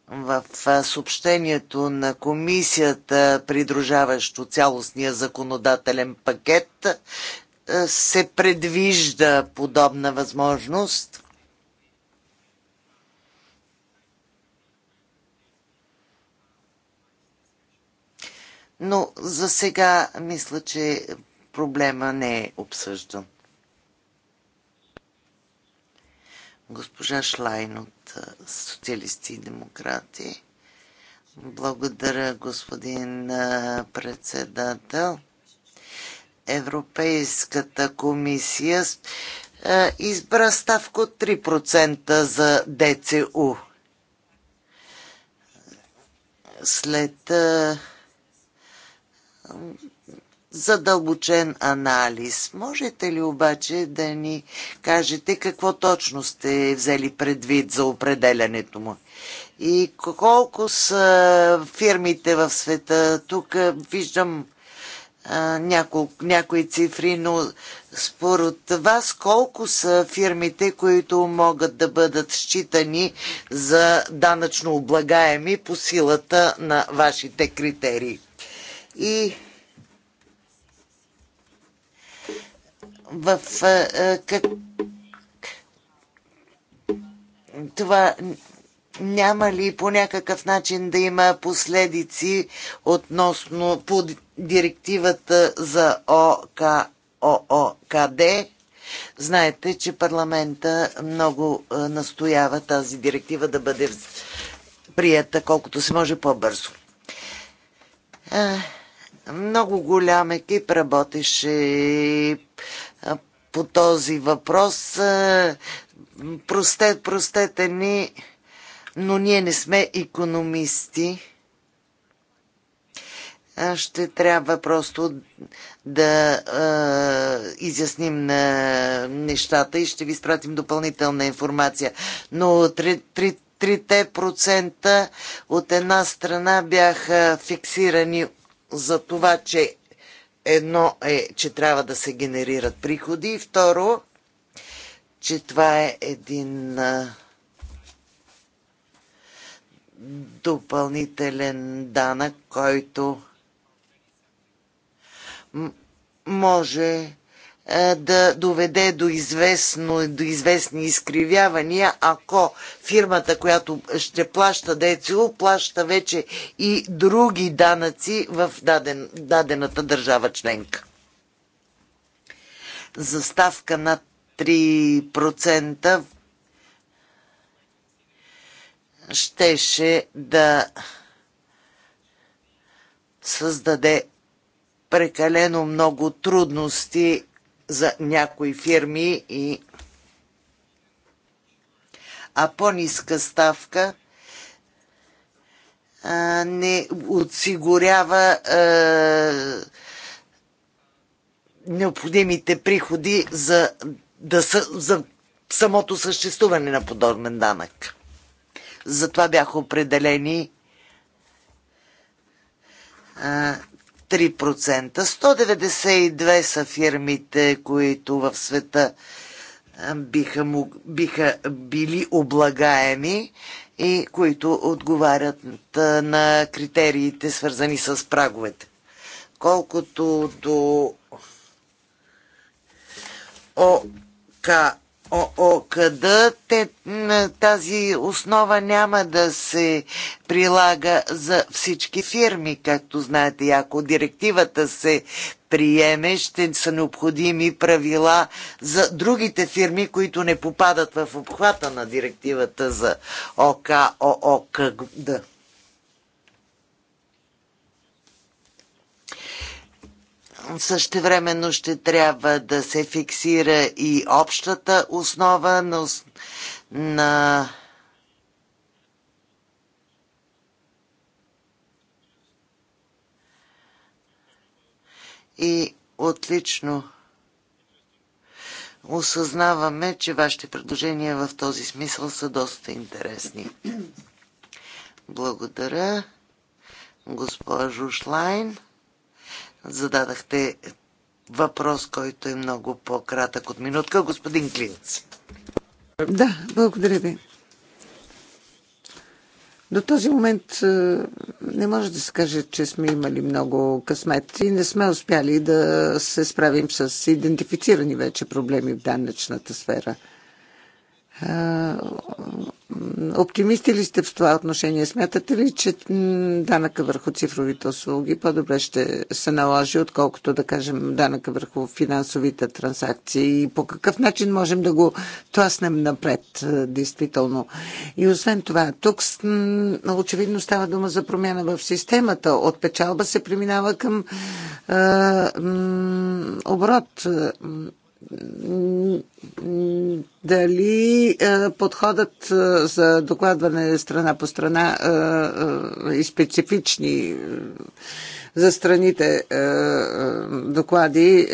В а, е, съобщението на комисията, придружаващо цялостния законодателен пакет, а, е, се предвижда подобна възможност. Но за сега мисля, че проблема не е обсъждан. Госпожа Шлайн от Социалисти и Демократи. Благодаря, господин председател. Европейската комисия избра ставка от 3% за ДЦУ. След задълбочен анализ. Можете ли обаче да ни кажете какво точно сте взели предвид за определянето му? И колко са фирмите в света? Тук виждам а, няколко, някои цифри, но според вас колко са фирмите, които могат да бъдат считани за данъчно облагаеми по силата на вашите критерии? и в как... това няма ли по някакъв начин да има последици относно по директивата за ОК, ООКД? Знаете, че парламента много настоява тази директива да бъде прията колкото се може по-бързо. Много голям екип работеше по този въпрос. Простете, простете ни, но ние не сме економисти. Ще трябва просто да е, изясним на нещата и ще ви спратим допълнителна информация. Но 3% от една страна бяха фиксирани за това, че едно е, че трябва да се генерират приходи и второ, че това е един допълнителен данък, който може е, да доведе до, известно, до известни изкривявания, ако фирмата, която ще плаща ДЦУ, плаща вече и други данъци в даден, дадената държава членка. Заставка на 3% щеше да създаде прекалено много трудности за някои фирми и а по-ниска ставка а, не отсигурява а, необходимите приходи за, да са, за самото съществуване на подобен данък. Затова бяха определени 3%. 192 са фирмите, които в света биха, биха били облагаеми и които отговарят на критериите, свързани с праговете. Колкото до ОК ОКД, те, тази основа няма да се прилага за всички фирми. Както знаете, ако директивата се приеме, ще са необходими правила за другите фирми, които не попадат в обхвата на директивата за ОК, ООКД. Същевременно ще трябва да се фиксира и общата основа на, на и отлично осъзнаваме, че вашите предложения в този смисъл са доста интересни. Благодаря, госпожо Шлайн зададахте въпрос, който е много по-кратък от минутка. Господин Клинц. Да, благодаря ви. До този момент е, не може да се каже, че сме имали много късмет и не сме успяли да се справим с идентифицирани вече проблеми в данъчната сфера – Оптимисти ли сте в това отношение? Смятате ли, че данъка върху цифровите услуги по-добре ще се наложи, отколкото да кажем данъка върху финансовите транзакции и по какъв начин можем да го тласнем напред, действително? И освен това, тук очевидно става дума за промяна в системата. От печалба се преминава към е, оборот дали е, подходът е, за докладване страна по страна е, и специфични за страните доклади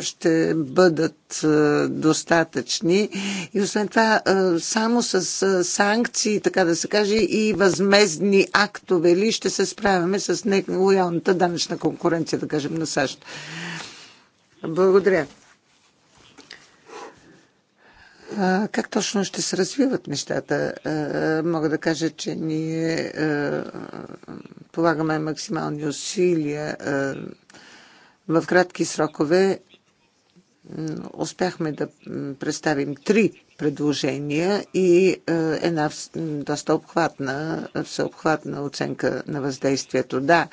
ще бъдат достатъчни. И освен това, само с санкции, така да се каже, и възмездни актове ли ще се справяме с нелоялната данъчна конкуренция, да кажем, на САЩ. Благодаря. Как точно ще се развиват нещата? Мога да кажа, че ние полагаме максимални усилия. В кратки срокове успяхме да представим три предложения и една доста обхватна, всеобхватна оценка на въздействието. Да,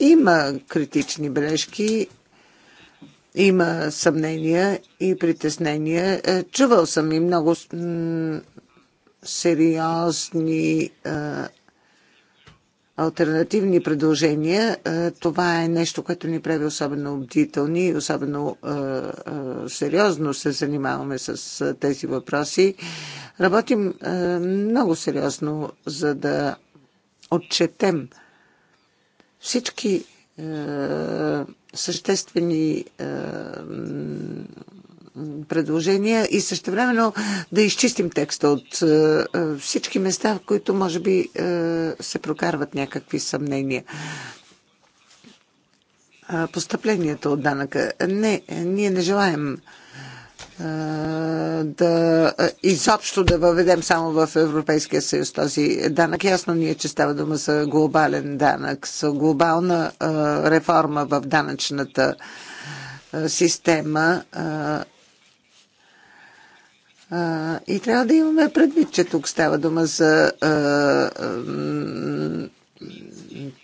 има критични бележки има съмнения и притеснения. Е, чувал съм и много сериозни е, альтернативни предложения. Е, това е нещо, което ни прави особено бдителни и особено сериозно се занимаваме с тези въпроси. Работим много сериозно, за да отчетем всички съществени е, предложения и същевременно да изчистим текста от е, е, всички места, в които може би се прокарват някакви съмнения. Постъплението от данъка. Не, ние не желаем да изобщо да въведем само в Европейския съюз този данък. Ясно ни е, че става дума за глобален данък, с глобална реформа в данъчната система. И трябва да имаме предвид, че тук става дума за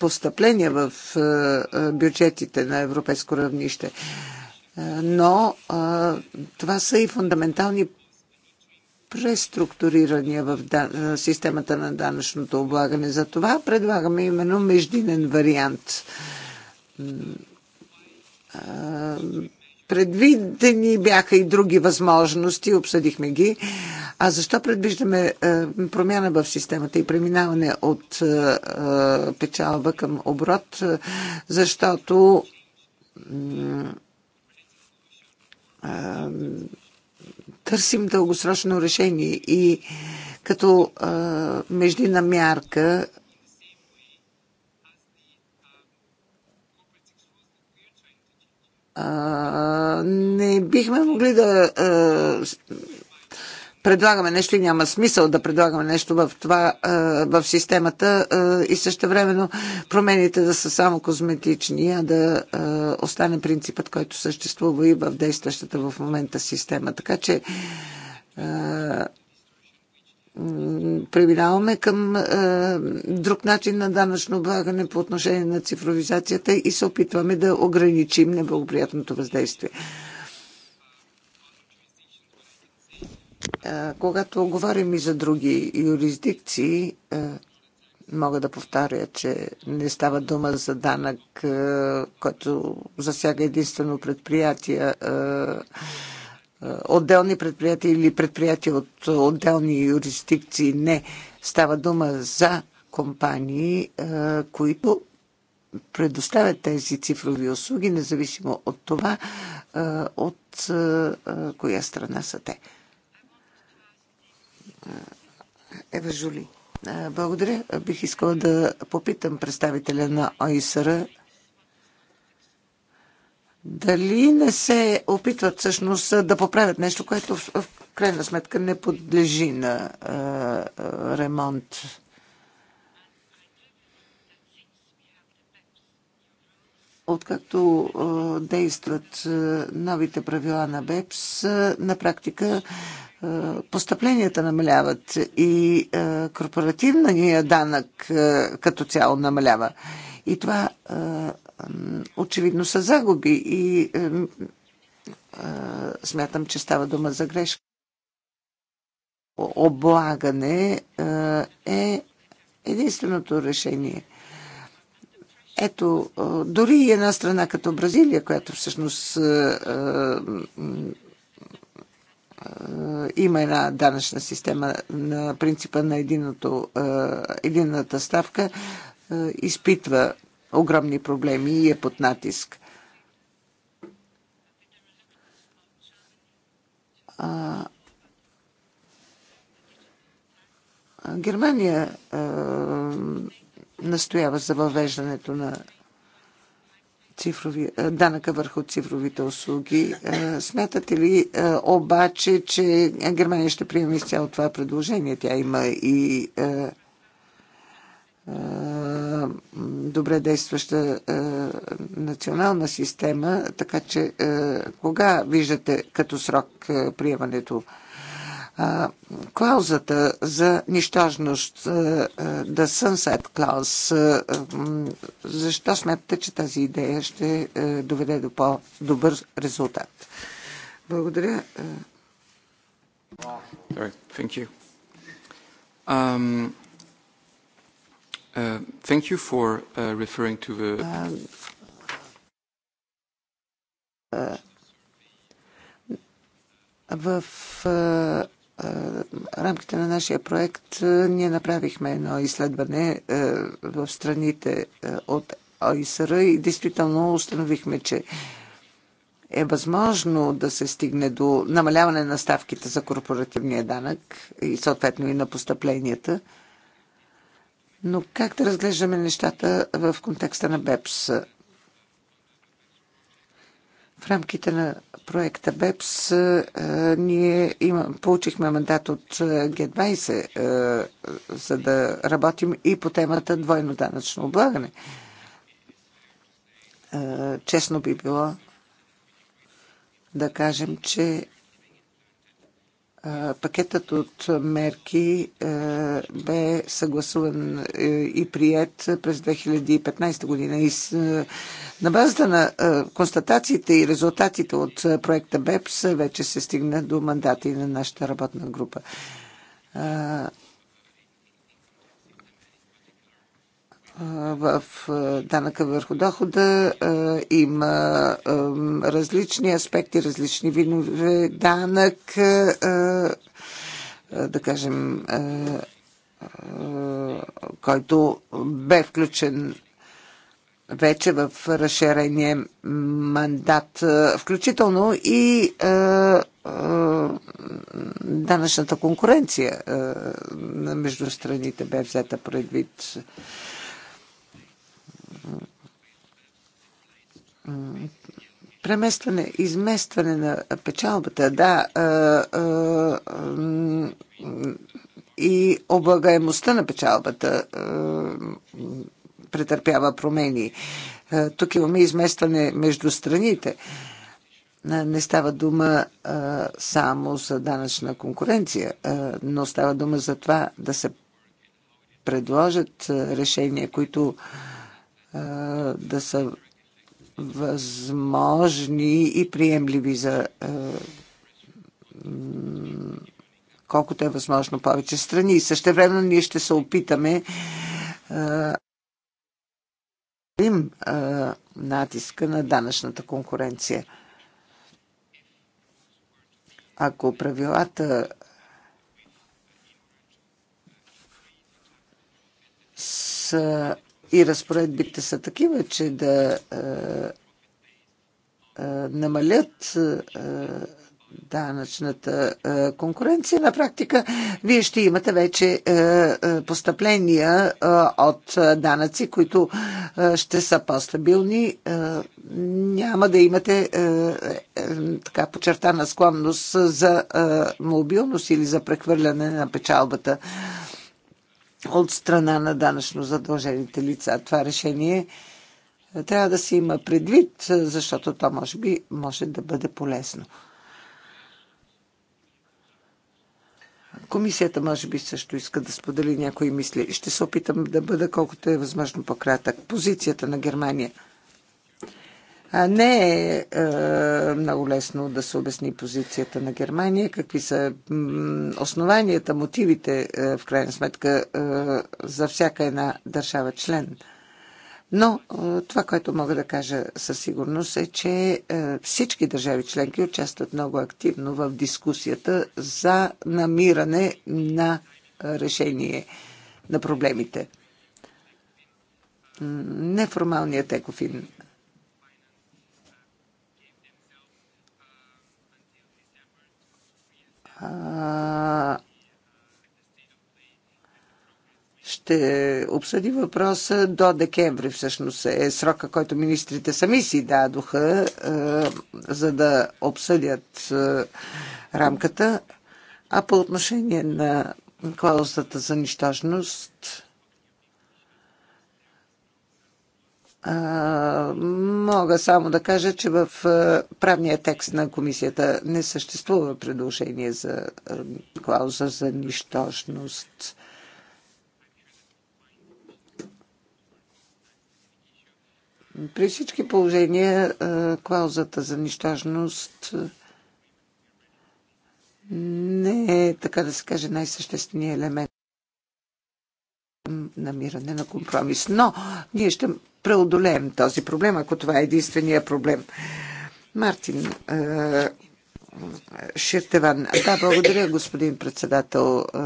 постъпления в бюджетите на европейско равнище. Е, но е, това са и фундаментални преструктурирания в е, системата на данъчното облагане. За това предлагаме именно междинен вариант. Предвидени бяха и други възможности, обсъдихме ги. А защо предвиждаме промяна в системата и преминаване от печалба към оборот? Защото търсим дългосрочно решение и като а, междина мярка а, не бихме могли да а, предлагаме нещо и няма смисъл да предлагаме нещо в, това, в системата и също времено промените да са само козметични, а да остане принципът, който съществува и в действащата в момента система. Така че преминаваме към е, друг начин на данъчно облагане по отношение на цифровизацията и се опитваме да ограничим неблагоприятното въздействие. Когато говорим и за други юрисдикции, мога да повторя, че не става дума за данък, който засяга единствено предприятия, отделни предприятия или предприятия от отделни юрисдикции. Не. Става дума за компании, които предоставят тези цифрови услуги, независимо от това, от коя страна са те. Е, Ева Жули. Благодаря. Бих искала да попитам представителя на ОИСР дали не се опитват всъщност да поправят нещо, което в крайна сметка не подлежи на а, а, ремонт. Откакто а, действат а, новите правила на БЕПС, а, на практика е, постъпленията намаляват и е, корпоративния данък е, като цяло намалява. И това очевидно са загуби и смятам, че става дума за грешка. Облагане е единственото решение. Ето, дори и една страна като Бразилия, която всъщност е, има една данъчна система на принципа на единото, е, единната ставка, е, изпитва огромни проблеми и е под натиск. Германия настоява за въвеждането на цифрови, данъка върху цифровите услуги. Смятате ли обаче, че Германия ще приеме изцяло това предложение? Тя има и добре действаща национална система, така че кога виждате като срок приемането? клаузата за нищожност, да sunset клауз, защо смятате, че тази идея ще доведе до по-добър резултат? Благодаря. Thank you. Um, uh, thank you for uh, referring to the... Uh, uh, в рамките на нашия проект е, ние направихме едно изследване е, в страните е, от ОИСР и действително установихме, че е възможно да се стигне до намаляване на ставките за корпоративния данък и съответно и на постъпленията. Но как да разглеждаме нещата в контекста на БЕПС? В рамките на проекта БЕПС е, ние има, получихме мандат от е, Г20, е, за да работим и по темата двойно данъчно облагане. Честно би било да кажем, че Пакетът от мерки бе съгласуван е, и прият през 2015 година. И с на базата на констатациите и резултатите от проекта БЕПС вече се стигна до мандата и на нашата работна група. в данъка върху дохода има различни аспекти, различни винове данък, да кажем, който бе включен вече в разширение мандат, включително и данъчната конкуренция между страните бе взета предвид преместване, изместване на печалбата, да, и облагаемостта на печалбата претърпява промени. Тук имаме изместване между страните. Не става дума само за данъчна конкуренция, но става дума за това да се предложат решения, които да са възможни и приемливи за колкото е възможно повече страни. И също време ние ще се опитаме им натиска на данъчната конкуренция. Ако правилата са и разпоредбите са такива, че да намалят данъчната конкуренция, на практика вие ще имате вече постъпления от данъци, които ще са по-стабилни. Няма да имате така почертана склонност за мобилност или за прехвърляне на печалбата от страна на данъчно задължените лица. Това решение е, трябва да се има предвид, е, защото то може би може да бъде полезно. Комисията може би също иска да сподели някои мисли. Ще се опитам да бъда колкото е възможно по-кратък. Позицията на Германия – не е, е много лесно да се обясни позицията на Германия, какви са основанията, мотивите е, в крайна сметка е, за всяка една държава член. Но е, това, което мога да кажа със сигурност е, че е, всички държави членки участват много активно в дискусията за намиране на решение на проблемите. Неформалният екофин ще обсъди въпроса до декември, всъщност е срока, който министрите сами си дадоха, за да обсъдят рамката. А по отношение на клаузата за нищожност, мога само да кажа, че в правния текст на комисията не съществува предложение за клауза за нищожност. При всички положения клаузата за нищожност не е, така да се каже, най-същественият елемент намиране на компромис. Но ние ще преодолеем този проблем, ако това е единствения проблем. Мартин е, Ширтеван. Да, благодаря, господин председател. Е,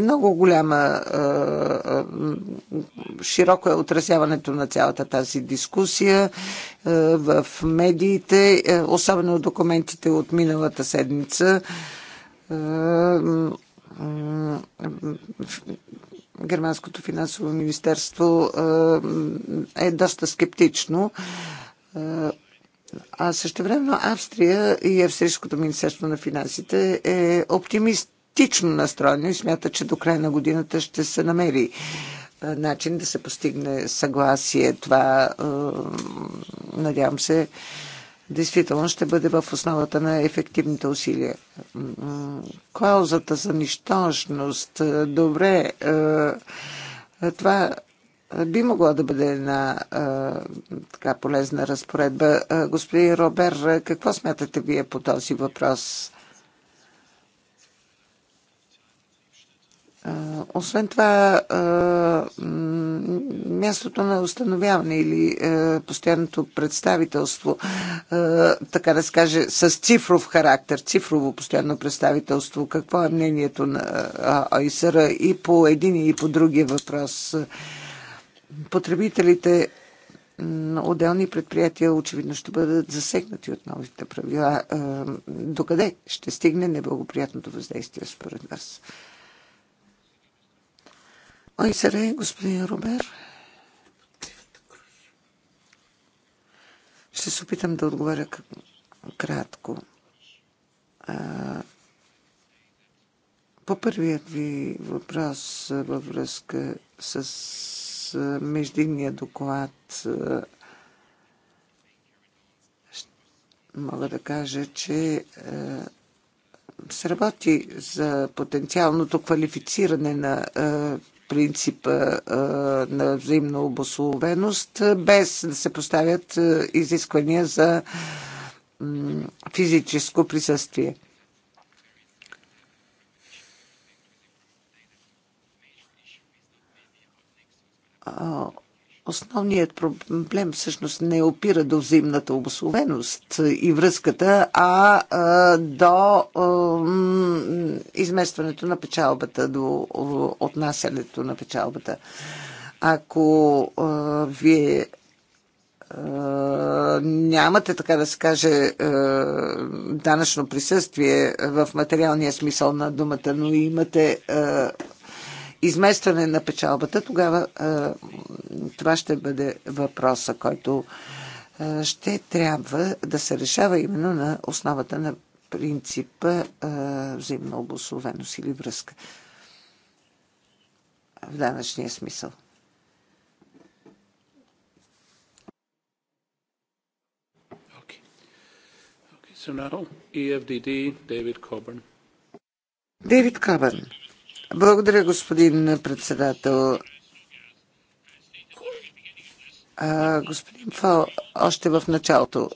много голяма, е, е широко е отразяването на цялата тази дискусия е, в медиите, е, особено документите от миналата седмица германското финансово министерство е, е доста скептично. А също време Австрия и Австрийското министерство на финансите е оптимистично настроено и смята, че до края на годината ще се намери начин да се постигне съгласие. Това, надявам се, действително ще бъде в основата на ефективните усилия. Клаузата за нищожност, е, добре, е, е, това би могло да бъде една така полезна разпоредба. господин Робер, какво смятате вие по този въпрос? Освен това, мястото на установяване или постоянното представителство, така да се каже, с цифров характер, цифрово постоянно представителство, какво е мнението на ОИСР и по един и по другия въпрос? Потребителите отделни предприятия очевидно ще бъдат засегнати от новите правила. Докъде ще стигне неблагоприятното въздействие според вас? А господин Робер. Ще се опитам да отговоря кратко. По първият ви въпрос във връзка с междинния доклад мога да кажа, че се работи за потенциалното квалифициране на принципа на взаимна обословеност, без да се поставят изисквания за физическо присъствие. Основният проблем всъщност не опира до взаимната обословеност и връзката, а, а до а, изместването на печалбата, до отнасянето на печалбата. Ако а, вие нямате, така да се каже, данъчно присъствие в материалния смисъл на думата, но имате изместване на печалбата, тогава това ще бъде въпроса, който ще трябва да се решава именно на основата на принципа взаимна обословеност или връзка в данъчния смисъл. so now EFDD, David Coburn. David Coburn. Благодаря, господин председател. А, господин Фал, още в началото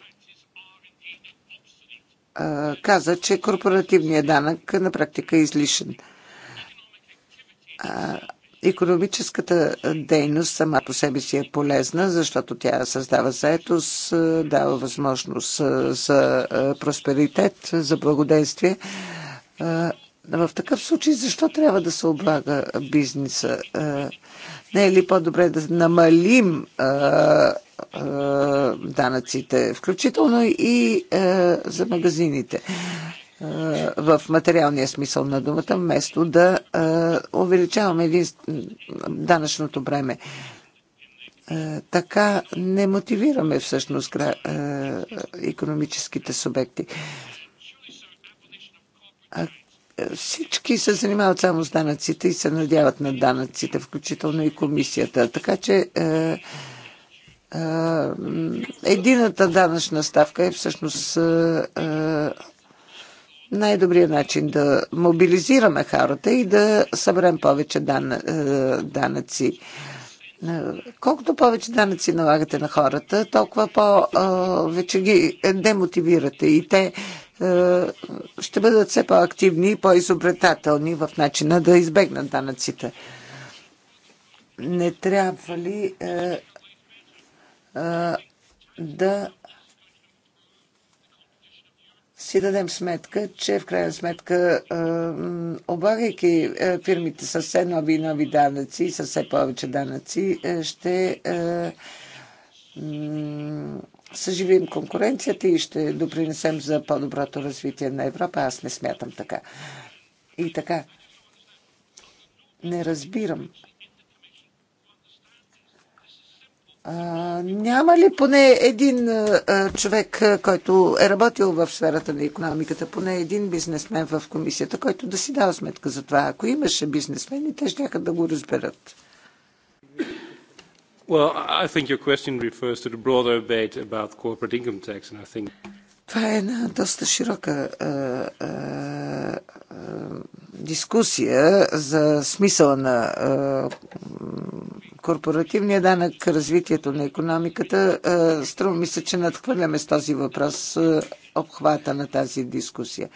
а, каза, че корпоративният данък е на практика е излишен. А, економическата дейност сама по себе си е полезна, защото тя създава заетост, дава възможност за просперитет, за благодействие. В такъв случай защо трябва да се облага бизнеса? Е, не е ли по-добре да намалим е, е, данъците, включително и за магазините? в материалния смисъл на думата, вместо да увеличаваме един данъчното бреме. Така не мотивираме всъщност економическите субекти всички се занимават само с данъците и се надяват на данъците, включително и комисията. Така че е, е, едината данъчна ставка е всъщност е, е най-добрият начин да мобилизираме хората и да съберем повече дан, е, данъци. Е, колкото повече данъци налагате на хората, толкова повече ги демотивирате и те е, ще бъдат все по-активни и по-изобретателни в начина да избегнат данъците. Не трябва ли е, е, да си дадем сметка, че в крайна сметка, облагайки фирмите с все нови и нови данъци и с все повече данъци, ще съживим конкуренцията и ще допринесем за по-доброто развитие на Европа. Аз не смятам така. И така, не разбирам. А, няма ли поне един а, човек, който е работил в сферата на економиката, поне един бизнесмен в комисията, който да си дава сметка за това? Ако имаше бизнесмени, те ще да го разберат. I think your question refers to the broader debate about corporate income tax, and I think... Това е една доста широка а, а, а, дискусия за смисъла на а, е, корпоративния данък, развитието на економиката. Е, струва ми се, че надхвърляме с този въпрос а, е, обхвата на тази дискусия.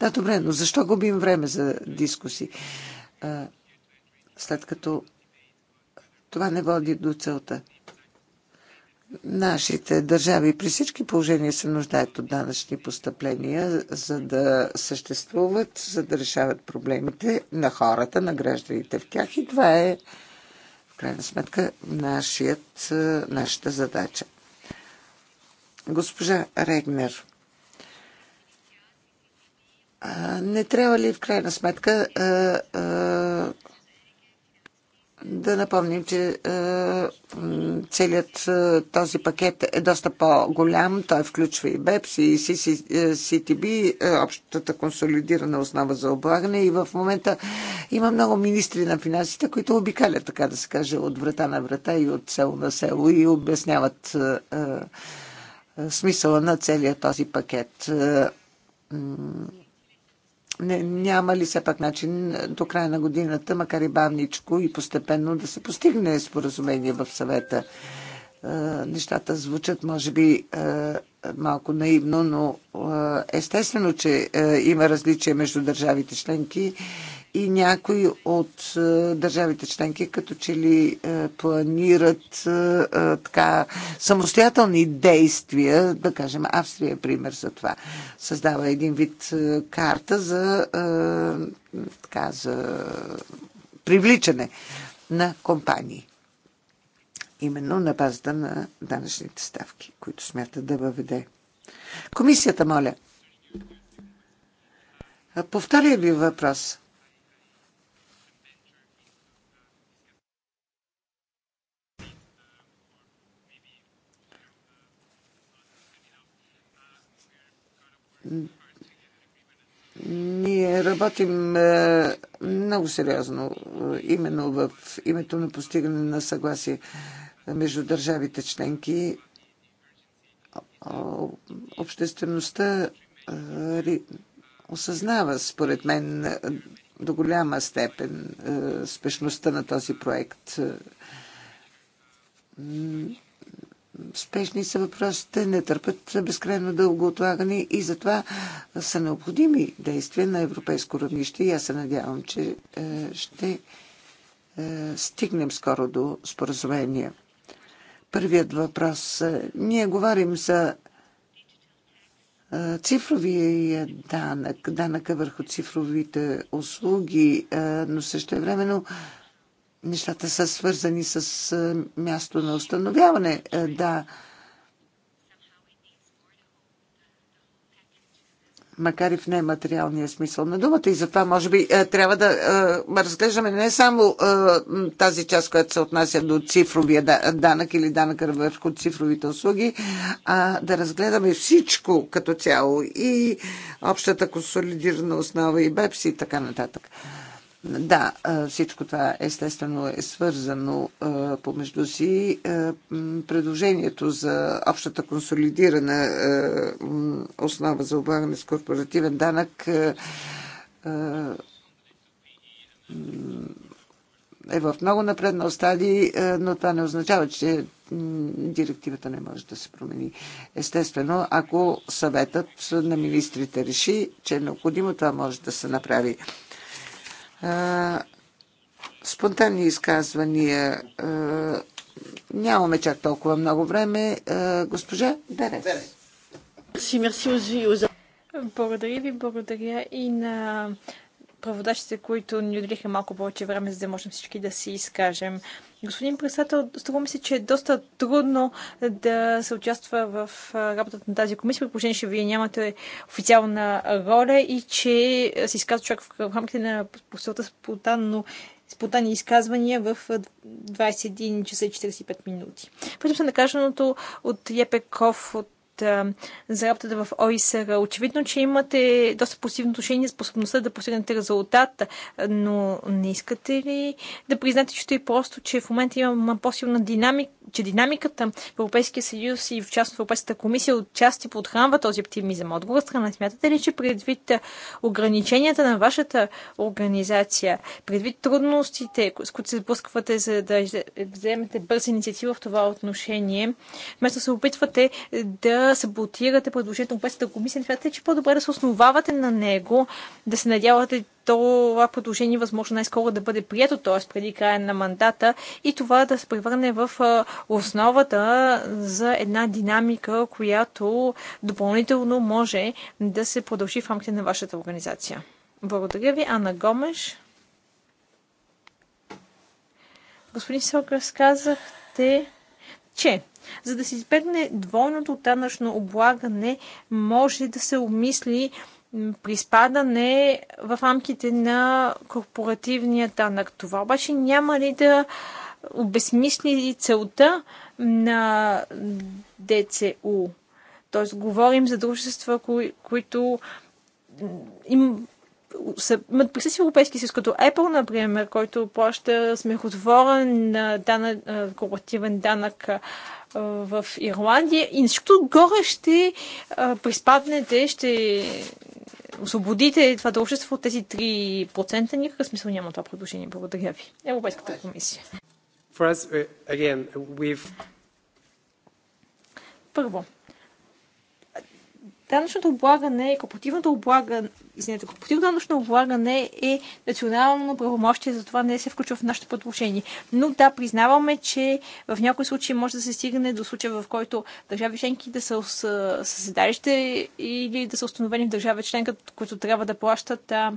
Да, добре, но защо губим време за дискусии? А, след като това не води до целта. Нашите държави при всички положения се нуждаят от данъчни постъпления, за да съществуват, за да решават проблемите на хората, на гражданите в тях. И това е, в крайна сметка, нашият, е, нашата задача. Госпожа Регнер, не трябва ли в крайна сметка е, е, да напомним, че е, целият е, този пакет е доста по-голям. Той включва и БЕПС, и CCTB, е, е, общата консолидирана основа за облагане. И в момента има много министри на финансите, които обикалят, така да се каже, от врата на врата и от село на село и обясняват е, е, смисъла на целият този пакет. Е, не, няма ли все пак начин е, до края на годината, макар и бавничко и постепенно да се постигне споразумение в съвета? Е, нещата звучат, може би, е, малко наивно, но естествено, че има различия между държавите членки и някои от е, държавите членки като че ли е, планират е, така самостоятелни действия, да кажем Австрия е пример за това. Създава един вид карта за, така, за привличане на компании. Именно на базата на данъчните ставки, които смята да въведе. Комисията, моля. Повторя ви въпрос. Ние работим е, много сериозно е, именно в името на постигане на съгласие между държавите членки. Обществеността е, осъзнава, според мен, до голяма степен спешността на този проект. Спешни са въпросите, не търпят безкрайно дълго отлагане и затова са необходими действия на европейско равнище и аз се надявам, че е, ще е, стигнем скоро до споразумение. Първият въпрос. Ние говорим за е, цифровия данък, данъка върху цифровите услуги, но също времено нещата са свързани с е, място на установяване. Е, да. Макар и в нематериалния смисъл на думата. И затова, може би, е, трябва да разглеждаме не само тази част, която се отнася до цифровия данък или данъка върху цифровите услуги, а да разгледаме всичко като цяло. И общата консолидирана основа, и БЕПС, и така нататък. Да, всичко това естествено е свързано помежду си. Предложението за общата консолидирана основа за облагане с корпоративен данък е в много напреднал стадий, но това не означава, че директивата не може да се промени. Естествено, ако съветът на министрите реши, че е необходимо, това може да се направи спонтанни изказвания. Нямаме чак толкова много време. Госпожа Дерес. Благодаря ви, благодаря и на преводачите, които ни отделиха малко повече време, за да можем всички да си изкажем. Господин председател, струва ми се, че е доста трудно да се участва в работата на тази комисия, при положение, че вие нямате официална роля и че се изказва човек в рамките на посилата спонтанно спонтанни изказвания в 21 часа и 45 минути. Пътим се накаженото от Епеков от за работата в ОИСР. Очевидно, че имате доста позитивно отношение, способността да постигнете резултат, но не искате ли да признаете, че и просто, че в момента има по-силна динамика, че динамиката в Европейския съюз и в частност в Европейската комисия е отчасти подхранва този оптимизъм? От друга страна, смятате ли, че предвид ограниченията на вашата организация, предвид трудностите, с които се сблъсквате, за да вземете бърза инициатива в това отношение, вместо се опитвате да да саботирате предложението на Европейската комисия. Не смятате, че е по-добре да се основавате на него, да се надявате това предложение възможно най-скоро да бъде прието, т.е. преди края на мандата и това да се превърне в основата за една динамика, която допълнително може да се продължи в рамките на вашата организация. Благодаря ви, Анна Гомеш. Господин Сокър, казахте, че за да се избегне двойното данъчно облагане, може да се обмисли приспадане в рамките на корпоративния данък. Това обаче няма ли да обесмисли целта на ДЦУ? Тоест, говорим за дружества, кои, които им, са, имат присъствие в Европейски съюз, като Apple, например, който плаща смехотворен данък, корпоративен данък в Ирландия и нещо горе ще приспаднете, ще освободите това дължество от тези 3%, никакъв смисъл няма това предложение. Благодаря ви. Европейската комисия. Us, uh, again, Първо, данъчното облагане, корпоративното облагане, извинете, корпоративното данъчно облагане е национално правомощие, затова не се включва в нашето предложение. Но да, признаваме, че в някои случаи може да се стигне до случая, в който държави членки да са съседалище или да са установени в държава членка, които трябва да плащат а,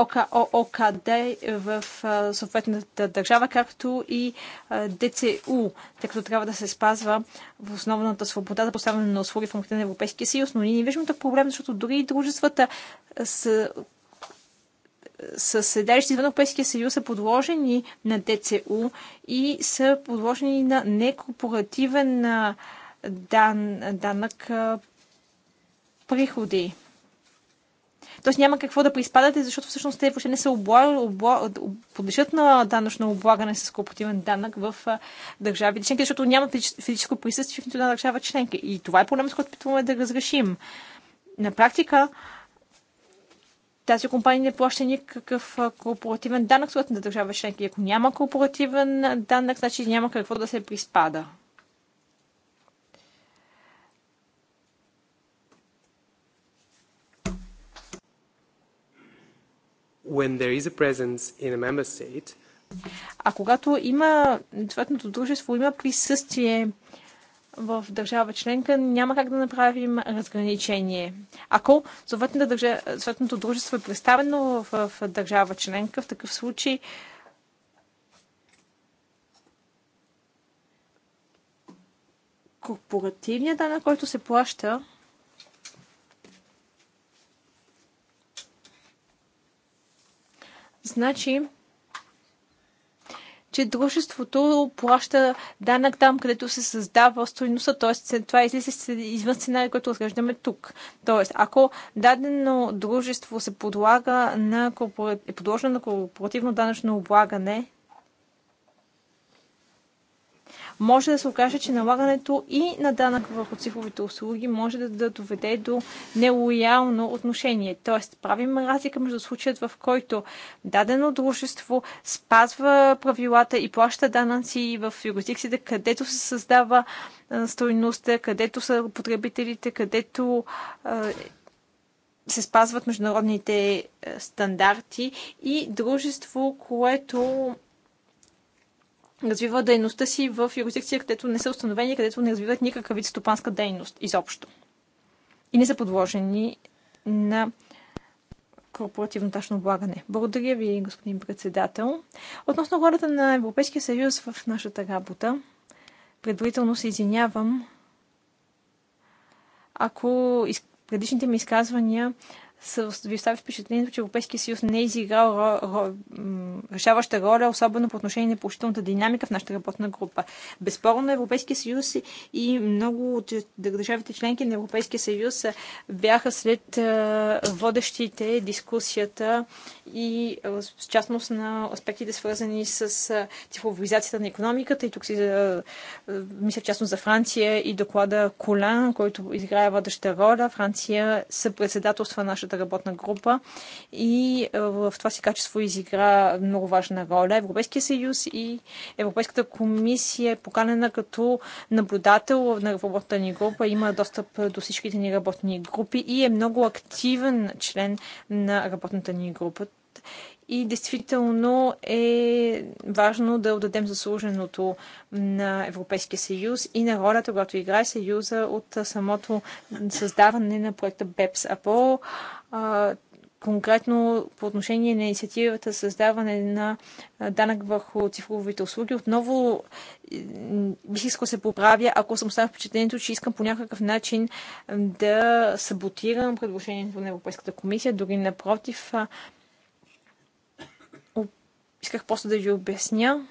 ОКО, ОКД в съответната държава, както и ДЦУ, тъй като трябва да се спазва в основната свобода за поставяне на услуги в рамките на Европейския съюз. Но ние не виждаме такъв проблем, защото дори и дружествата с с седалище извън Европейския съюз са подложени на ДЦУ и са подложени на некорпоративен дан, данък приходи. Тоест няма какво да приспадате, защото всъщност те въобще не са подлежат на данъчно облагане с корпоративен данък в държавите членки, защото няма физическо присъствие в нито една държава членка. И това е проблем, с който питваме да разрешим. На практика, тази компания не плаща никакъв корпоративен данък, съответно да държава членки. Ако няма корпоративен данък, значи няма какво да се приспада. when there is a presence in a member state, а когато има съответното дружество, има присъствие в държава членка, няма как да направим разграничение. Ако съответното, държа... съответното дружество е представено в, в държава членка, в такъв случай корпоративният данък, който се плаща, значи, че дружеството плаща данък там, където се създава стоиността, т.е. това излиза извън сценария, който разглеждаме тук. Т.е. ако дадено дружество се подлага на е подложено на корпоративно данъчно облагане, може да се окаже, че налагането и на данък върху цифровите услуги може да, да доведе до нелоялно отношение. Тоест, правим разлика между случаят, в който дадено дружество спазва правилата и плаща данъци в юрисдикцията, където се създава стойността, където са потребителите, където се спазват международните стандарти и дружество, което развива дейността си в юрисдикция, където не са установени, където не развиват никакъв вид стопанска дейност изобщо. И не са подложени на корпоративно тачно облагане. Благодаря ви, господин председател. Относно ролята на Европейския съюз в нашата работа, предварително се извинявам, ако предишните ми изказвания ви остави впечатлението, че Европейския съюз не е изиграл ро, ро, решаваща роля, особено по отношение на положителната динамика в нашата работна група. Безспорно Европейския съюз и много от държавите членки на Европейския съюз бяха след водещите дискусията и в частност на аспектите свързани с цифровизацията на економиката. И тук си мисля частност за Франция и доклада Колан, който изиграе водеща роля. Франция съпредседателства нашата нашата работна група и е, в това си качество изигра много важна роля. Европейския съюз и Европейската комисия е поканена като наблюдател на работната ни група, има достъп до всичките ни работни групи и е много активен член на работната ни група и действително е важно да отдадем заслуженото на Европейския съюз и на ролята, която играе съюза от самото създаване на проекта БЕПС. АПО. конкретно по отношение на инициативата създаване на данък върху цифровите услуги, отново бих искал се поправя, ако съм оставя впечатлението, че искам по някакъв начин да саботирам предложението на Европейската комисия. Дори напротив, исках просто да ви обясня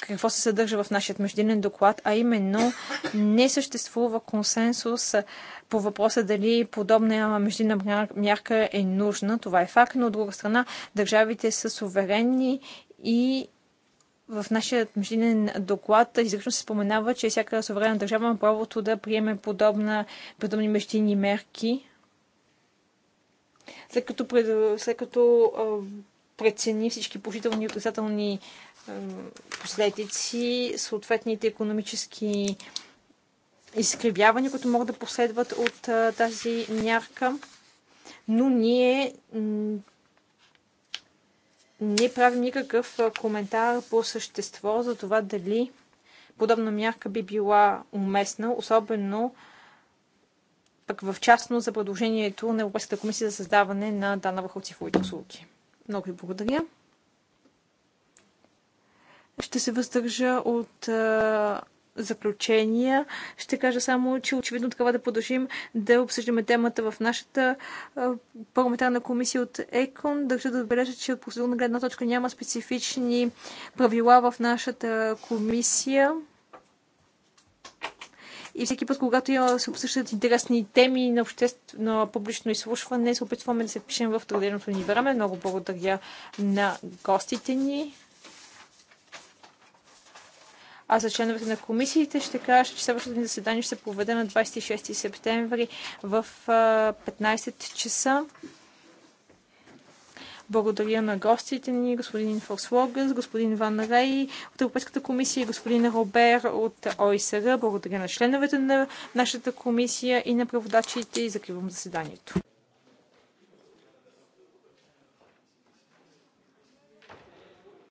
какво се съдържа в нашия междинен доклад, а именно не съществува консенсус по въпроса дали подобна междинна мярка е нужна. Това е факт, но от друга страна държавите са суверенни и в нашия междинен доклад изрично се споменава, че всяка суверенна държава има правото да приеме подобна, подобни междинни мерки. След като, след като прецени всички положителни и отрицателни последици, съответните економически изкривявания, които могат да последват от е, тази мярка. Но ние не правим никакъв е, коментар по същество за това дали подобна мярка би била уместна, особено пък в частност за предложението на Европейската комисия за създаване на данна върху цифровите услуги. Много ви благодаря. Ще се въздържа от заключения. Ще кажа само, че очевидно трябва да продължим да обсъждаме темата в нашата парламентарна комисия от ЕКОН. Държа да отбележа, че от процедурна гледна точка няма специфични правила в нашата комисия. И всеки път, когато я се обсъщат интересни теми на обществено публично изслушване, се опитваме да се впишем в труденото ни време. Много благодаря на гостите ни. А за членовете на комисиите ще кажа, че следващото ни заседание ще се проведе на 26 септември в 15 часа. Благодаря на гостите ни, господин Фолкслогъс, господин Ван Рей от Европейската комисия и господин Робер от ОИСР. Благодаря на членовете на нашата комисия и на преводачите и закривам заседанието.